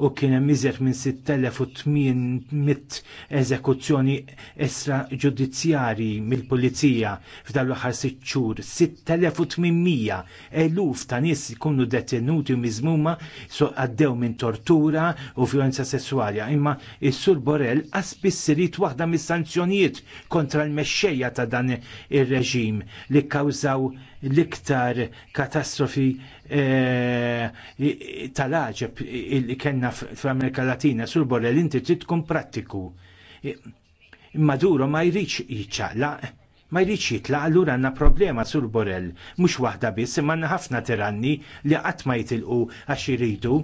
u kien hemm iżjed minn 6800 eżekuzzjoni estraġudizzjarji mill-pulizija f'dan l-aħħar sitt xhur. 6800 eluf ta' nies ikunu detenuti miżmuma so għaddew minn tortura u violenza sesswali. Imma is-Sur Borrell qaspiss waħda mis-sanzjonijiet kontra l-mexxejja ta' dan ir-reġim li kkawżaw l-iktar katastrofi eh, tal-aġeb li kellna fl-Amerika Latina sur borrel inti trid tkun prattiku. Maduro ma jridx jiċċaqlaq ma jridx jitla, allura għandna problema sur Borrell, mhux waħda biss, imma għandna ħafna tiranni li qatt ma jitilqu għax iridu.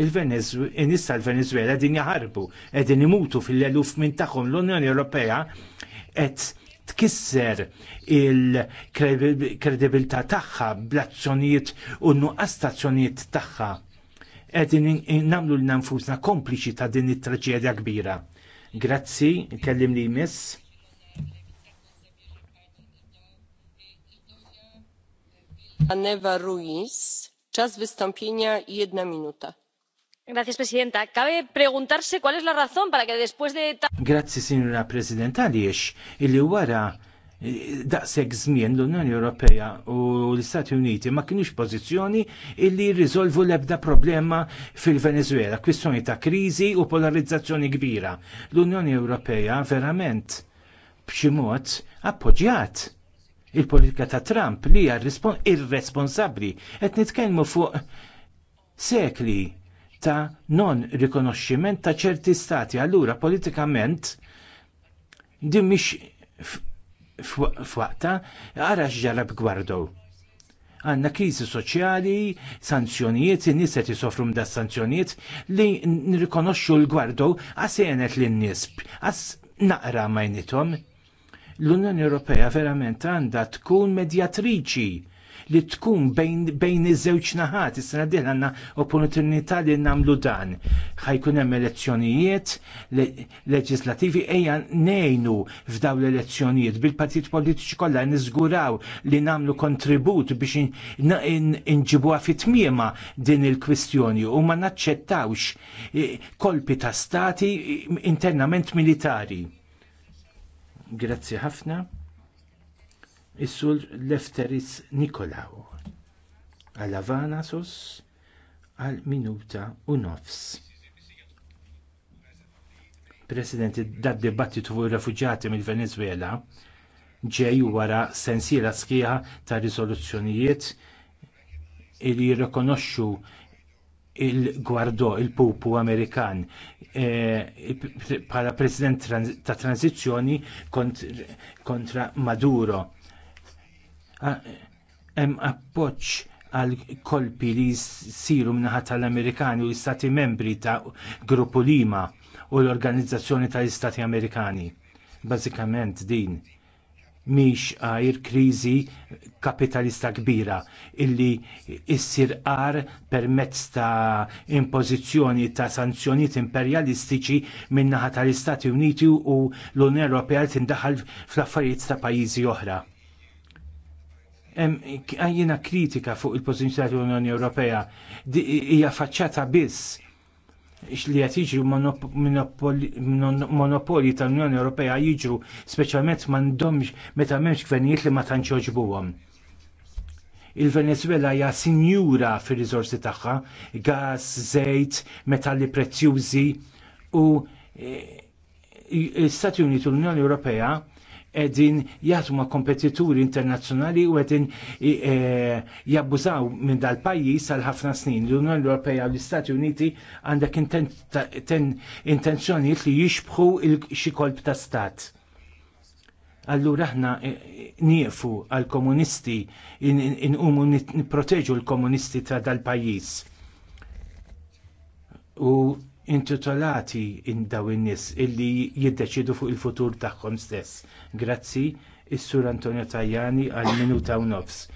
Il-Venezuela, l-Venezuela din jaħarbu, qegħdin imutu fil-eluf minn tagħhom l-Unjoni Ewropea qed tkisser il-kredibilità tagħha bl-azzjonijiet u nuqqas tazzjonijiet tagħha. Qegħdin nagħmlu l nfusna kompliċi ta' din it-traġedja kbira. Grazzi, kellim li jmiss. Aneva Ruiz, czas wystąpienia jedna minuta. Grazie, Presidenta. Cabe preguntarse cuál es la razón para que después de... Grazie, Signora Presidenta, għaliex illi wara eh, daqseg żmien l-Unjoni Ewropea u l-Istati Uniti ma kienux pożizzjoni illi jirriżolvu l-ebda problema fil-Venezuela, kwistjoni ta' kriżi u polarizzazzjoni kbira. L-Unjoni Ewropea verament b'xi mod appoġġjat il-politika ta' Trump li hija irresponsabbli qed nitkellmu fuq sekli ta' non rikonoxximent ta' ċerti stati. Allura politikament din mhix f'waqta ara x'ġarab gwardow. Għanna kriżi soċjali, sanzjonijiet, in-nies qed isofru mda sanzjonijiet li nirrikonoxxu l-gwardow jenet lin-nies għas naqra ma jnitom. L-Unjoni Ewropea verament għandha tkun medjatriċi li tkun bejn iż-żewġ naħat. Is-sena din għandna opportunità li nagħmlu dan. Ħajkun hemm elezzjonijiet leġislativi ejja ngħinu f'daw l-elezzjonijiet bil-partit politiċi kollha niżguraw li nagħmlu kontribut biex inġibuha fit-tmiema din il-kwistjoni u ma naċċettawx eh, kolpi ta' stati eh, internament militari. Grazzi ħafna is-sur Lefteris Nikolaw. Għal Avanasos għal minuta u nofs. President, dad dibattitu fuq ir-refuġjati mill-Venezuela ġej wara sensiela sħiħa ta' riżoluzzjonijiet li jirrikonoxxu il-gwardo, il-pupu Amerikan. Bħala e, president ta' tranzizjoni kontra Maduro hemm appoġġ għal kolpi li jsiru minnaħat tal-Amerikani u l-Istati membri ta' Gruppu Lima u l-Organizzazzjoni tal-Istati Amerikani. Bażikament din miex għajr kriżi kapitalista kbira illi issir għar permezz ta' impożizzjoni ta' sanzjonijiet imperjalistiċi min-naħa tal-Istati Uniti u l-Unjoni Ewropea tindaħal fl-affarijiet ta' pajjiżi oħra għajjina kritika fuq il-pozizjoni tal-Unjoni Ewropea hija faċċata biss li qed jiġru monopoli tal-Unjoni Ewropea jiġru speċjalment m'għandhomx meta m'hemmx gvernijiet li ma tantx joġbuhom. Il-Venezuela hija sinjura fir-riżorsi tagħha, gas, żejt, metalli prezzjużi u l-Istati e, Uniti u l-Unjoni Ewropea edin jgħatu ma' kompetituri internazzjonali u edin e, jabbużaw minn dal-pajis għal ħafna snin. L-Unjoni Ewropea u l-Istati Uniti għandek intenzjoni li jixbħu xi kolb ta' stat. Allura aħna e, e, niefu għal komunisti umu nipproteġu l-komunisti ta' dal-pajis. U intitolati in daw in-nies illi jiddeċidu fuq il-futur tagħhom stess. Grazzi is-Sur Antonio Tajani għal minuta u nofs.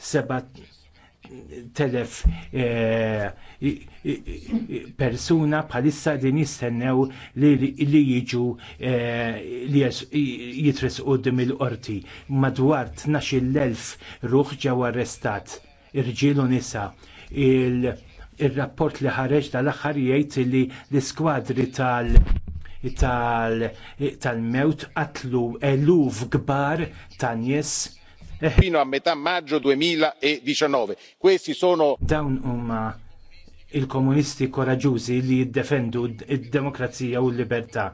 Seba telef eh, persuna bħalissa din jistennew li jiġu eh, li jitres u il-qorti madwar 12,000 ruħ ġew arrestat irġiel u nisa il- ir-rapport li ħareġ tal-aħħar jgħid li l-iskwadri tal- tal-mewt qatlu eluf kbar ta' nies eh. fino a metà maggio 2019. Questi sono dawn huma il-komunisti koraġużi li jiddefendu id demokrazija u l-libertà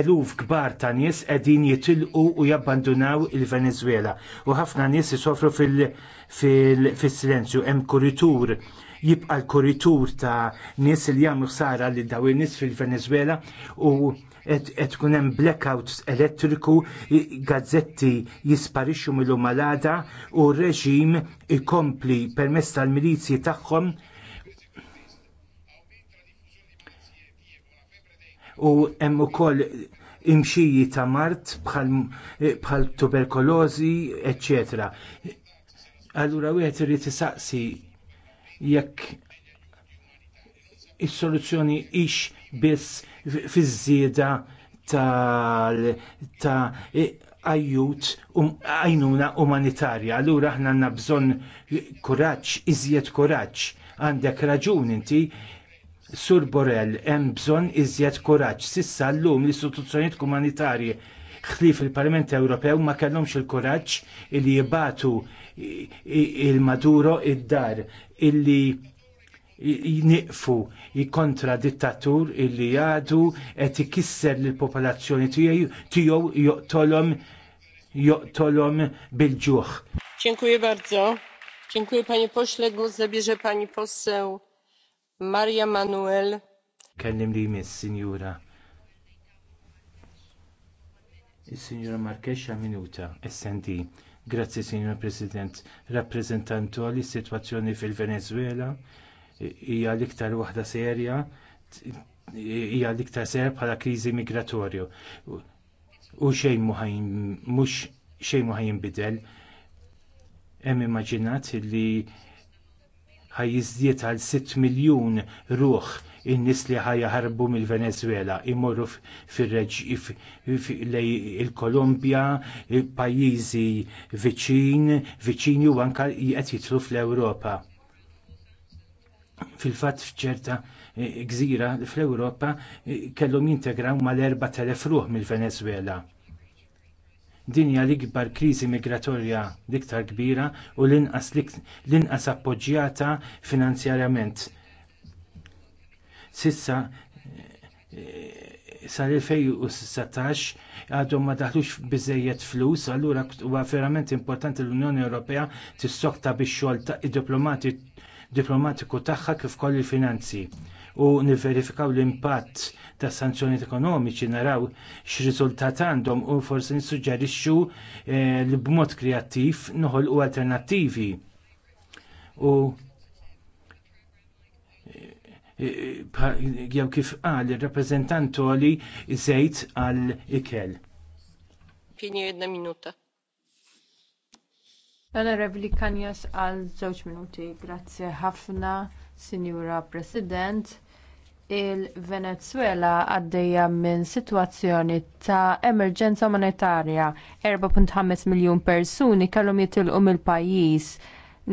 eluf kbar ta' nies qegħdin jitilqu u jabbandunaw il-Venezuela u ħafna nies isofru fil-silenzju hemm kuritur jibqa l-kuritur ta' nies li jagħmlu ħsara li daw nies fil-Venezuela u qed tkun hemm blackouts elettriku, gazzetti jisparixxu mill malada, u r reġim ikompli permezz tal-milizji tagħhom u hemm ukoll imxiji ta' mart bħal tuberkolożi, etc. Allura wieħed irid isaqsi jekk is-soluzzjoni hix biss fiż-żieda tal ta' għajjut għajnuna umanitarja. Allura aħna għandna bżonn kuraġġ, iżjed kuraġġ. Għandek raġun inti Sur Borrell, hemm bżonn iżjed kuraġġ. Sissa llum l-istituzzjonijiet komunitarji ħlief il-Parlament Ewropew ma kellhomx il-kuraġġ li jibatu il-Maduro id-dar illi jniqfu kontra dittatur illi jgħadu qed ikisser lill-popolazzjoni tiegħu joqtolhom joqtolhom bil-ġuħ. Dziękuję bardzo. Dziękuję panie pośle. Głos zabierze pani poseł Marja Manuel. Kellim li jmiss, Sinjura. Is-Sinjura Markesha Minuta, SND. Grazzi, Sinjura President. Rappresentantu għalli situazzjoni fil-Venezuela hija l-iktar waħda serja hija l-iktar serja bħala kriżi migratorju. U xejn mhux xejn muħajn bidel. Hemm immaġinat li ħajjiżdied għal 6 miljun ruħ in-nies li ħajjaħarbu mill-Venezuela imorru lej il-Kolombja, pajjiżi viċin, viċini u anke qed jitlu fl-Ewropa. Fil-fatt f'ċerta eh, gżira fl-Ewropa eh, kellhom jintegraw mal-4,000 ruħ mill-Venezuela Din hija l-ikbar kriżi migratorja l-iktar kbira u l-inqas appoġġjata finanzjarjament. Sissa eh, sal-2016 għadhom ma daħlux biżżejjed flus, allura huwa verament importanti l-Unjoni Ewropea tissokta bix xogħol diplomatiku tagħha kif koll il-finanzi u nivverifikaw l-impatt ta' sanzjonijiet ekonomiċi naraw x'riżultat għandhom u forsi nissuġġerixxu eh, li b'mod kreattiv noħolqu alternattivi. U eh, jew kif qal ir-rappreżentant li żejt għal ikel. Pini jedna minuta. Kanjas għal żewġ minuti. Grazzi ħafna, Sinjura President il-Venezuela għaddejja minn sitwazzjoni ta' emerġenza umanitarja. 4.5 miljun persuni kellhom jitilqu mill-pajjiż.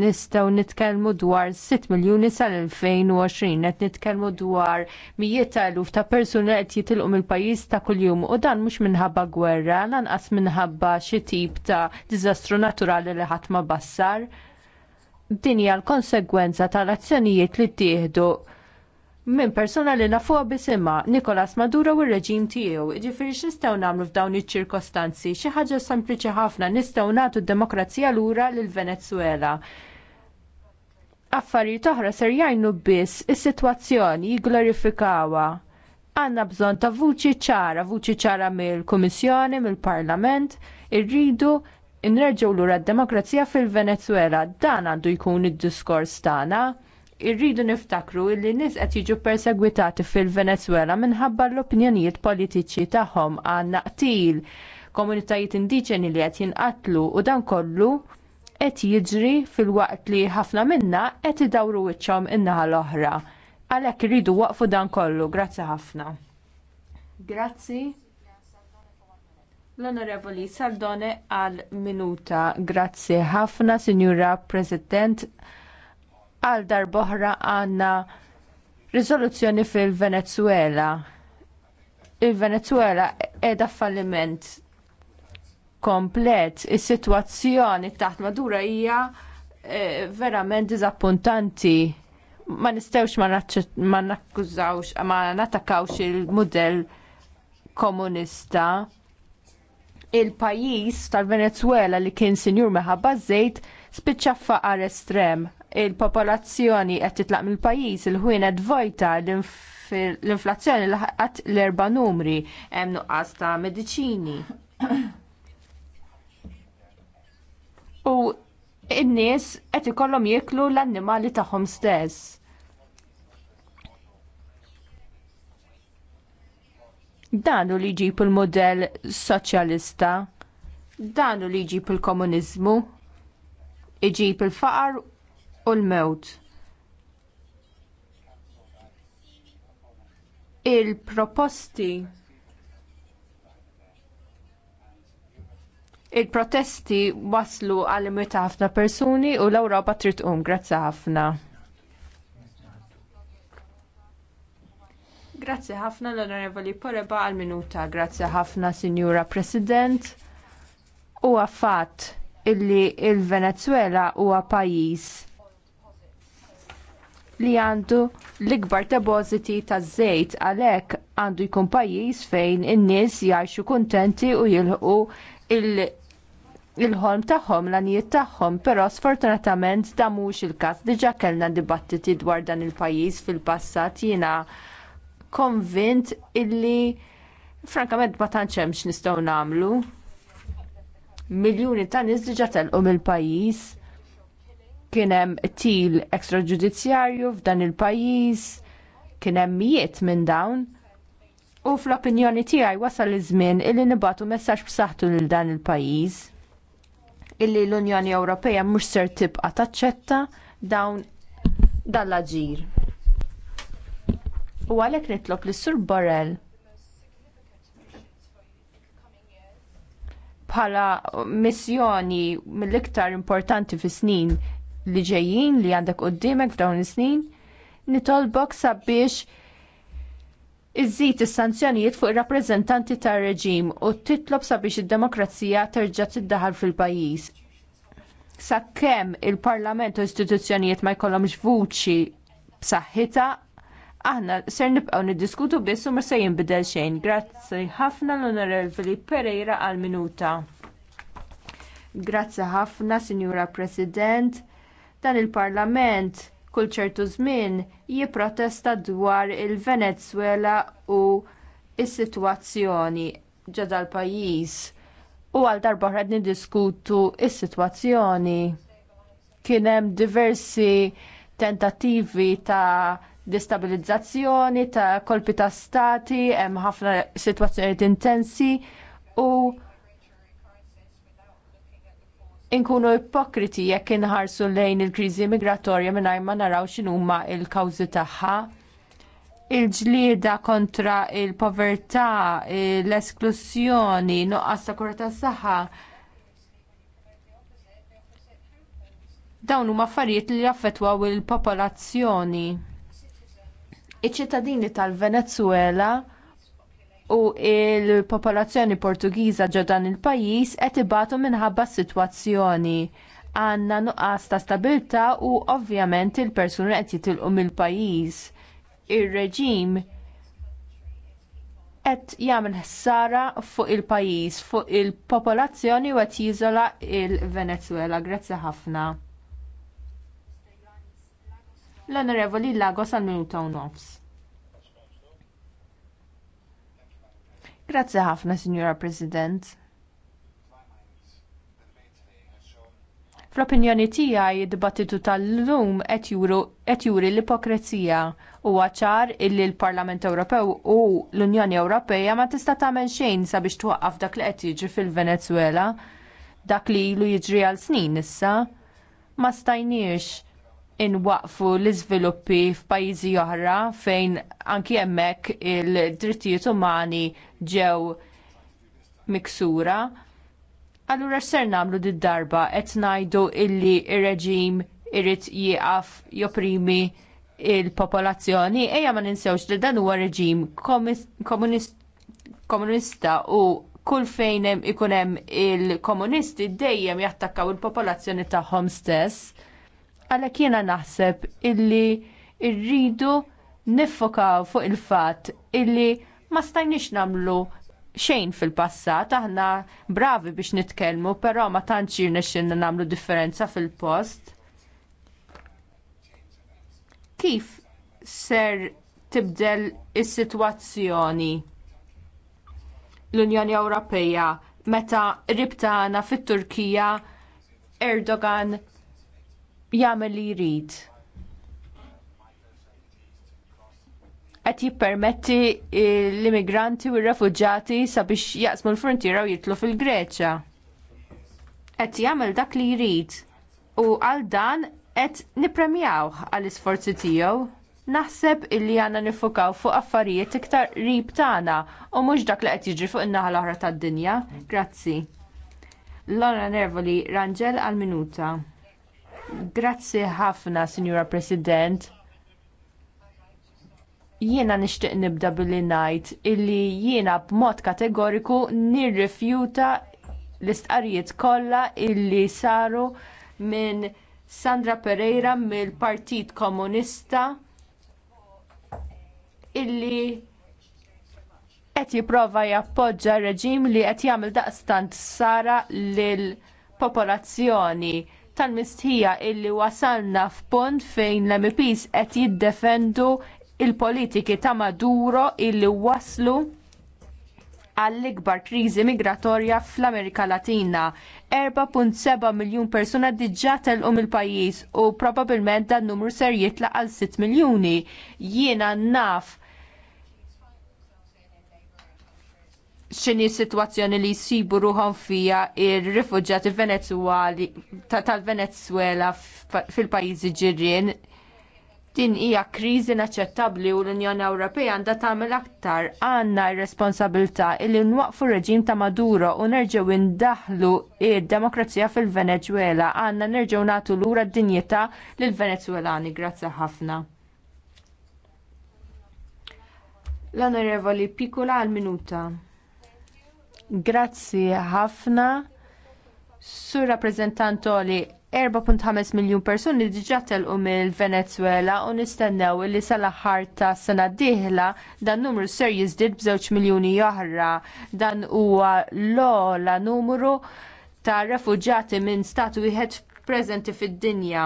Nistgħu nitkellmu dwar 6 miljuni sal-2020 qed nitkellmu dwar mijiet ta' eluf ta' persuni qed jitilqu mill-pajjiż ta' kuljum u dan mhux minħabba gwerra lanqas minħabba xi tip ta' diżastru naturali li ħadd ma bassar. Din hija l-konsegwenza tal-azzjonijiet li ttieħdu minn persuna li nafuha bisimha Nicolas Maduro u r-reġim tiegħu. Ġifieri x'nistgħu nagħmlu f'dawn iċ-ċirkostanzi? Xi ħaġa sempliċi ħafna nistgħu nagħtu d-demokrazija lura lil Venezuela. Affarijiet oħra ser jgħinu biss is-sitwazzjoni jigglorifikawha. Għandna bżonn ta' vuċi ċara, vuċi ċara mill-Kummissjoni, mill-Parlament, irridu nreġgħu lura d-demokrazija fil venezwela Dan għandu jkun id-diskors tagħna irridu niftakru li nies qed jiġu persegwitati fil-Venezuela minħabba l-opinjonijiet politiċi tagħhom għan qtil komunitajiet indiġeni li qed jinqatlu u dan kollu qed jiġri fil-waqt li ħafna minna qed idawru wiċċhom in-naħa l-oħra. Għalhekk irridu waqfu dan kollu. Grazzi ħafna. Grazzi. L-Onorevoli Saldone għal minuta. Grazzi ħafna, Sinjura President għal darboħra għandna riżoluzzjoni fil-Venezuela. Il-Venezuela qiegħda falliment komplet, is-sitwazzjoni taħt Madura hija eh, verament diżappuntanti. Ma nistgħux ma nakkużawx, ma natakawx il-mudell komunista il-pajjiż tal-Venezuela li kien sinjur meħabba żejt spiċċa faqar estrem il-popolazzjoni qed titlaq mill-pajjiż il-ħwienet vojta l-inflazzjoni laħqat l-erba' numri hemm nuqqas ta' mediċini. U n-nies qed ikollhom jieklu l-annimali tagħhom stess. Dan hu li jġib il mudell soċjalista, dan hu li jġib il komuniżmu iġib il-faqar u l-mewt. Il-proposti il-protesti waslu għal imwita ħafna persuni u l-Ewropa trid tqum grazzi ħafna. Grazzi ħafna l-Onorevoli Poreba għal minuta, grazzi ħafna Sinjura President. U għaffat illi il-Venezuela huwa pajjiż li għandu l-ikbar depożiti ta' żejt għalhekk għandu jkun pajjiż fejn in-nies jgħixu kuntenti u jilħqu il- il-ħolm tagħhom l-anijiet tagħhom, però sfortunatament da mhux il-każ diġà kellna dibattiti dwar dan il-pajjiż fil-passat jiena konvint illi frankament ma tantx hemmx nistgħu nagħmlu. Miljuni ta' nies diġà telqu mill-pajjiż kien hemm til ekstraġudizzjarju f'dan il-pajjiż, kien hemm mijiet minn dawn. U fl-opinjoni tiegħi wasal iż-żmien illi nibatu messaġġ b'saħħtu lil dan il-pajjiż illi l-Unjoni Ewropea mhux ser tibqa' taċċetta dawn dan l-aġir. U għalhekk nitlob lis sur Borrell bħala missjoni mill-iktar importanti fis snin li ġejjin li għandek qoddimek f'dawn is-snin, nitolbok sabiex iżżid is-sanzjonijiet fuq ir-rappreżentanti tar-reġim u titlob sabiex id-demokrazija terġa' tiddaħal fil-pajjiż. Sakemm il-Parlament u istituzzjonijiet ma jkollhomx vuċi b'saħħitha, aħna ser nibqgħu niddiskutu biss u ma se jinbidel xejn. Grazzi ħafna l Filip Pereira għal minuta. Grazzi ħafna, Sinjura President dan il-Parlament kull ċertu żmien jipprotesta dwar il-Venezwela u s-sitwazzjoni ġodha l-pajjiż u għal darba oħra niddiskutu s-sitwazzjoni. Kien hemm diversi tentattivi ta' destabilizzazzjoni, ta' kolpi ta' stati, hemm ħafna sitwazzjonijiet intensi u inkunu ipokriti jekk inħarsu lejn il-kriżi migratorja mingħajr ma naraw x'inhuma l-kawżi tagħha. Il-ġlieda kontra l il povertà l-esklusjoni, nuqqas ta' tas saħħa. Dawn huma affarijiet li jaffettwaw il-popolazzjoni. Iċ-ċittadini tal-Venezuela u l popolazzjoni Portugiża ġo dan il-pajjiż qed ibatu minħabba s-sitwazzjoni. Għandna nuqqas ta' stabilità u ovvjament il-persuni qed jitilqu mill-pajjiż. Ir-reġim qed jagħmel ħsara fuq il-pajjiż, fuq il-popolazzjoni u qed jiżola l-Venezwela. Grazzi ħafna. L-Onorevoli Lagos għal minuta u nofs. Grazzi ħafna, Signora President. Fl-opinjoni tiegħi id-dibattitu tal-lum qed juri l-ipokrezija huwa ċar illi l-Parlament Ewropew u l-Unjoni Ewropea ma tista' tagħmel xejn sabiex twaqqaf dak li qed jiġri fil-Venezwela dak li ilu jiġri għal snin issa ma stajniex inwaqfu l-iżviluppi f'pajjiżi oħra fejn anki hemmhekk il-drittijiet umani ġew miksura. Allura x'ser nagħmlu did-darba qed ngħidu illi ir-reġim irid jieqaf jopprimi l popolazzjoni ejja ma ninsewx li dan huwa reġim komunista u kull fejn ikun hemm il-komunisti dejjem jattakkaw il-popolazzjoni tagħhom stess. Għalhekk jiena naħseb illi rridu niffokaw fuq il-fatt illi ma stajniex nagħmlu xejn fil-passat, aħna bravi biex nitkellmu, però ma tantx irnexxinna nagħmlu differenza fil-post. Kif ser tibdel is-sitwazzjoni l-Unjoni Ewropea meta ribtana fit-Turkija Erdogan jagħmel li jrid. Qed jippermetti eh, l-immigranti u r refuġati sabiex jaqsmu l-frontiera u jitlu fil-Greċja. Qed jagħmel dak li jrid u għal dan qed nippremjawh għall isforzi tiegħu. Naħseb illi għandna niffukaw fuq affarijiet iktar qrib tagħna u mhux dak li qed jiġri fuq in-naħa l-oħra tad-dinja. Grazzi. L-onorevoli Rangel għal minuta. Grazzi ħafna, Signora President. Jiena nixtieq nibda billi ngħid illi jiena b'mod kategoriku nirrifjuta l istqarijiet kollha illi saru minn Sandra Pereira mill-Partit Komunista illi qed jipprova jappoġġa reġim li qed jagħmel daqstant sara lil popolazzjoni tal-mistħija illi wasalna f'punt fejn l-MPs qed jiddefendu l politiki ta' Maduro illi waslu għall-ikbar kriżi migratorja fl-Amerika Latina. 4.7 miljun persuna diġà telqu mill-pajjiż u probabbilment dan numru ser jitlaq għal 6 miljuni. Jiena naf xini situazzjoni li jisibu ruħom fija il-rifugġati venezuali tal-Venezuela fil-pajizi ġirien. Din hija kriżi inaċċettabbli u l-Unjoni Ewropea għandha tagħmel aktar għandna r-responsabilità li nwaqfu reġim ta' Maduro u nerġgħu indaħlu id-demokrazija fil-Venezuela għandna nerġgħu nagħtu lura d-dinjità lill-Venezuelani. Grazzi ħafna. L-Onorevoli Pikula għal minuta. Grazzi ħafna. Sur rappresentantoli 4.5 miljun persuni diġà telqu mill-Venezwela u nistennew li sal-aħħar tas sena d-dieħla dan numru ser jiżdied b'żewġ miljuni oħra. Dan huwa l-ola numru ta' refuġjati minn stat wieħed preżenti fid-dinja.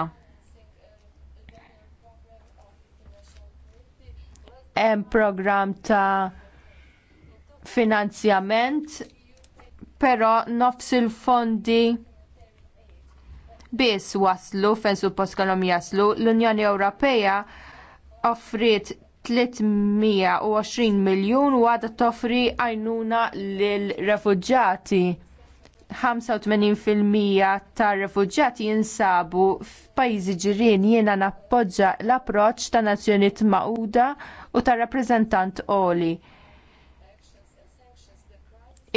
Hemm programm ta' finanzjament, però nofs il-fondi biss waslu fejn suppost kellhom jaslu, l-Unjoni Ewropea offriet 320 miljun u għadha toffri għajnuna lil refuġġati 85% tar-refuġġati jinsabu f'pajjiżi ġirien jiena nappoġġa l-approċċ ta' Nazzjonijiet Magħquda u tar-rappreżentant Oli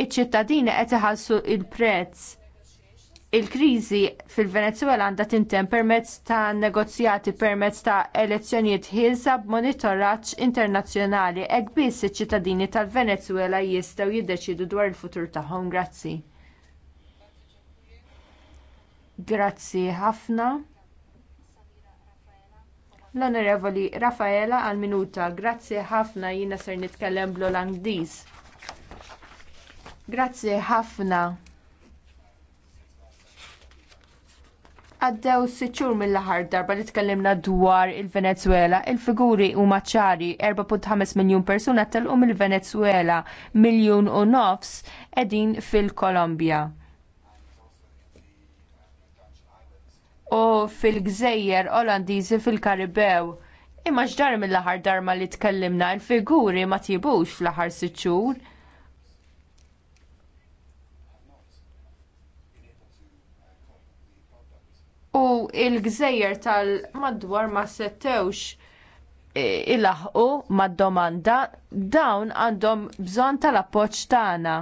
iċ-ċittadini qed iħallsu l prezz il-kriżi fil-Venezuela għandha tintemm permezz ta' negozjati permezz ta' elezzjonijiet ħilsa b'monitoraġġ internazzjonali hekk biss iċ-ċittadini tal-Venezuela jistgħu jiddeċiedu dwar il-futur tagħhom. Grazzi. Grazzi ħafna. L-Onorevoli Raffaela għal minuta. Grazzi ħafna jiena ser nitkellem bl-Olandiż Grazzi ħafna. għaddew siċur mill-aħħar darba li tkellimna dwar il-Venezuela, il-figuri huma ċari 4.5 miljun persuna tal-um mill-Venezuela, miljun u nofs qegħdin fil-Kolombja. U fil-Gżejjer Olandiżi fil-Karibew. Imma x'dar mill-aħħar darba li tkellimna, il-figuri ma tjibux fl-aħħar siċur. u l-gżejjer tal-madwar ma settewx e, ilaħqu mad-domanda dawn għandhom bżonn tal-appoġġ tagħna.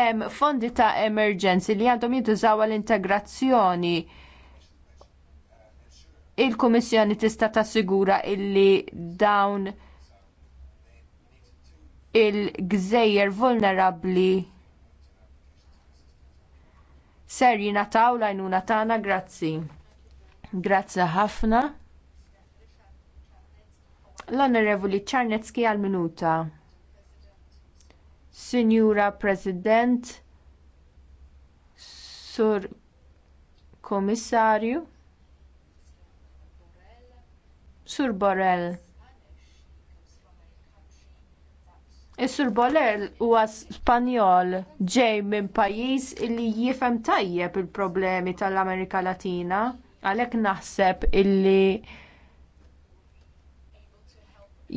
Hemm fondi ta' emerġenzi li għandhom jintużaw għall-integrazzjoni il-Kummissjoni tista' tassigura illi dawn il-gżejjer vulnerabbli ser jingħataw l-għajnuna tagħna grazzi. Grazzi ħafna. L-Onorevoli Czarnecki għal minuta. Sinjura President, Sur Komissarju, Sur Borrell. Is-Sur Bolel huwa Spanjol ġej minn pajjiż li jifhem tajjeb il-problemi tal-Amerika Latina, għalhekk naħseb illi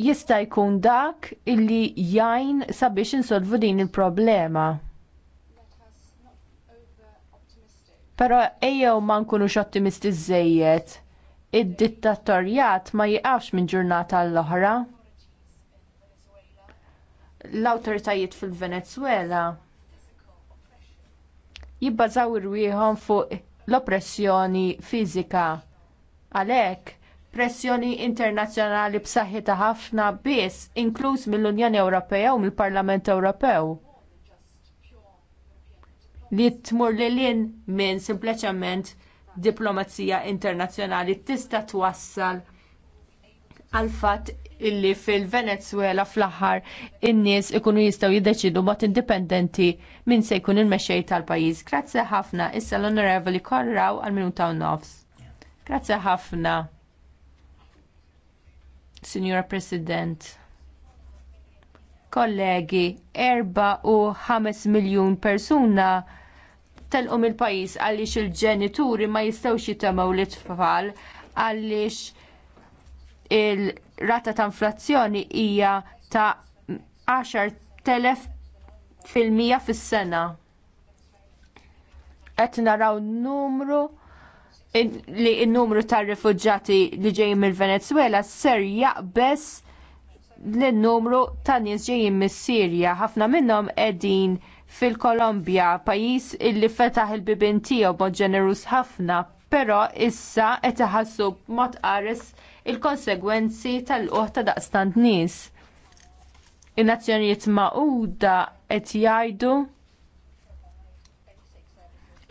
jista' jkun dak illi jgħin sabiex insolvu din il-problema. Però ejjew ma nkunux ottimisti żejjed, id-dittatorjat ma jiqafx minn ġurnata l oħra l-awtoritajiet fil-Venezwela jibbażaw irwieħhom fuq l-oppressjoni fiżika. Għalhekk, pressjoni internazzjonali b'saħħitha ħafna biss inkluż mill-Unjoni Ewropea u mill-Parlament Ewropew. Li tmur lil min minn sempliċement diplomazija internazzjonali tista' twassal għal fatt illi fil-Venezuela fl-aħħar in-nies ikunu jistgħu jiddeċidu mod indipendenti min se jkun il-mexxej tal-pajjiż. Grazzi ħafna issa l-Onorevoli Korraw għal minuta u nofs. Grazzi ħafna. Signora President, kollegi, erba' u ħames miljun persuna telqom il-pajis għaliex il-ġenituri ma jistgħux jitemaw l-tfal għaliex il-rata ta' inflazzjoni hija ta' 10,000 fil-mija fis-sena. Qed naraw numru li n-numru ta' rifuġġati li ġejjin mill-Venezuela ser jaqbes l-numru ta' nies ġejjin mis-Sirja. Ħafna minnhom qegħdin fil-Kolombja, pajjiż illi fetaħ il-bibin tiegħu b'mod ġenerus ħafna, però issa qed iħassu b'mod qares il-konsegwenzi tal-qoħ ta' daqstant nies. In-nazzjonijiet Magħquda qed jgħidu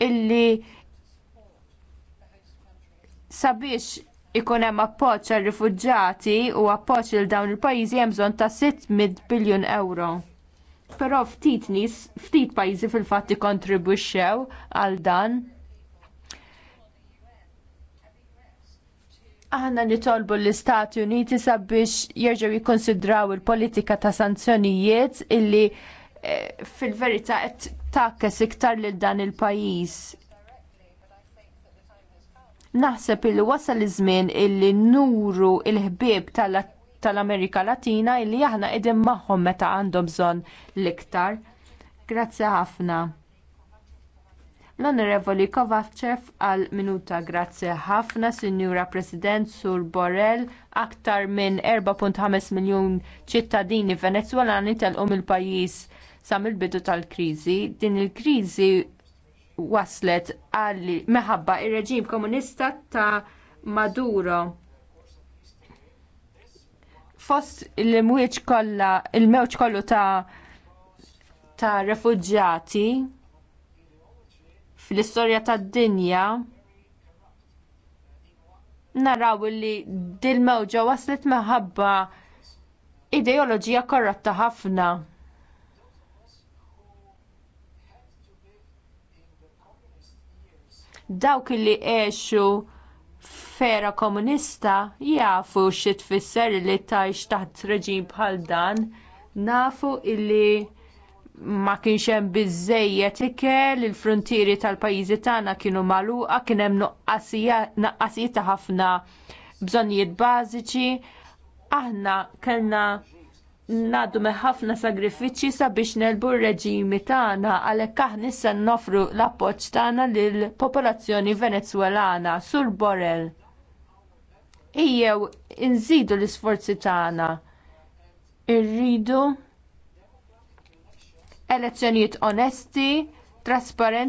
illi sabiex ikun hemm appoġġ għar-rifuġġati u appoġġ lil dawn il-pajjiżi hemm bżonn ta' 600 biljun euro. Però ftit nies, ftit pajjiżi fil-fatt ikkontribwixxew għal dan. Aħna nitolbu l-Istati Uniti sabiex jirġaw jikkonsidraw il-politika ta' sanzjonijiet illi eh, fil-verità qed takkes iktar lil dan il-pajjiż. Naħseb illi wasal iż-żmien illi nuru il-ħbieb tal-Amerika Latina illi aħna qegħdin magħhom meta għandhom bżonn l-iktar. Grazzi ħafna l-Onorevoli Kovacev għal minuta grazzi ħafna Sinjura President Sur Borrell aktar minn 4.5 miljun ċittadini Venezwelani telqom il-pajjiż sa mill-bidu tal-kriżi. Din il-kriżi waslet għal meħabba ir-reġim komunista ta' Maduro fost il-mewġ kollha il-mewġ kollu ta' ta' refuġġjati fl-istorja tad-dinja naraw li dil-mewġa waslet minħabba ideoloġija korrotta ħafna. Dawk li għexu fera komunista jafu xi tfisser li tgħix taħt reġim bħal dan nafu illi ma kienx hemm biżejjed ikel il-frontieri tal-pajjiżi tagħna kienu magħluqa, kien hemm naqqasijiet ta' ħafna bżonnijiet bażiċi. Aħna kellna ngħaddu me ħafna sagrifiċċji sabiex nelbu r-reġimi tagħna għalhekk aħna issa nofru l-appoġġ tagħna lill-popolazzjoni Venezwelana sur Borrell. Ejjew inżidu l-isforzi tagħna. Irridu elezzjonijiet onesti, trasparenti u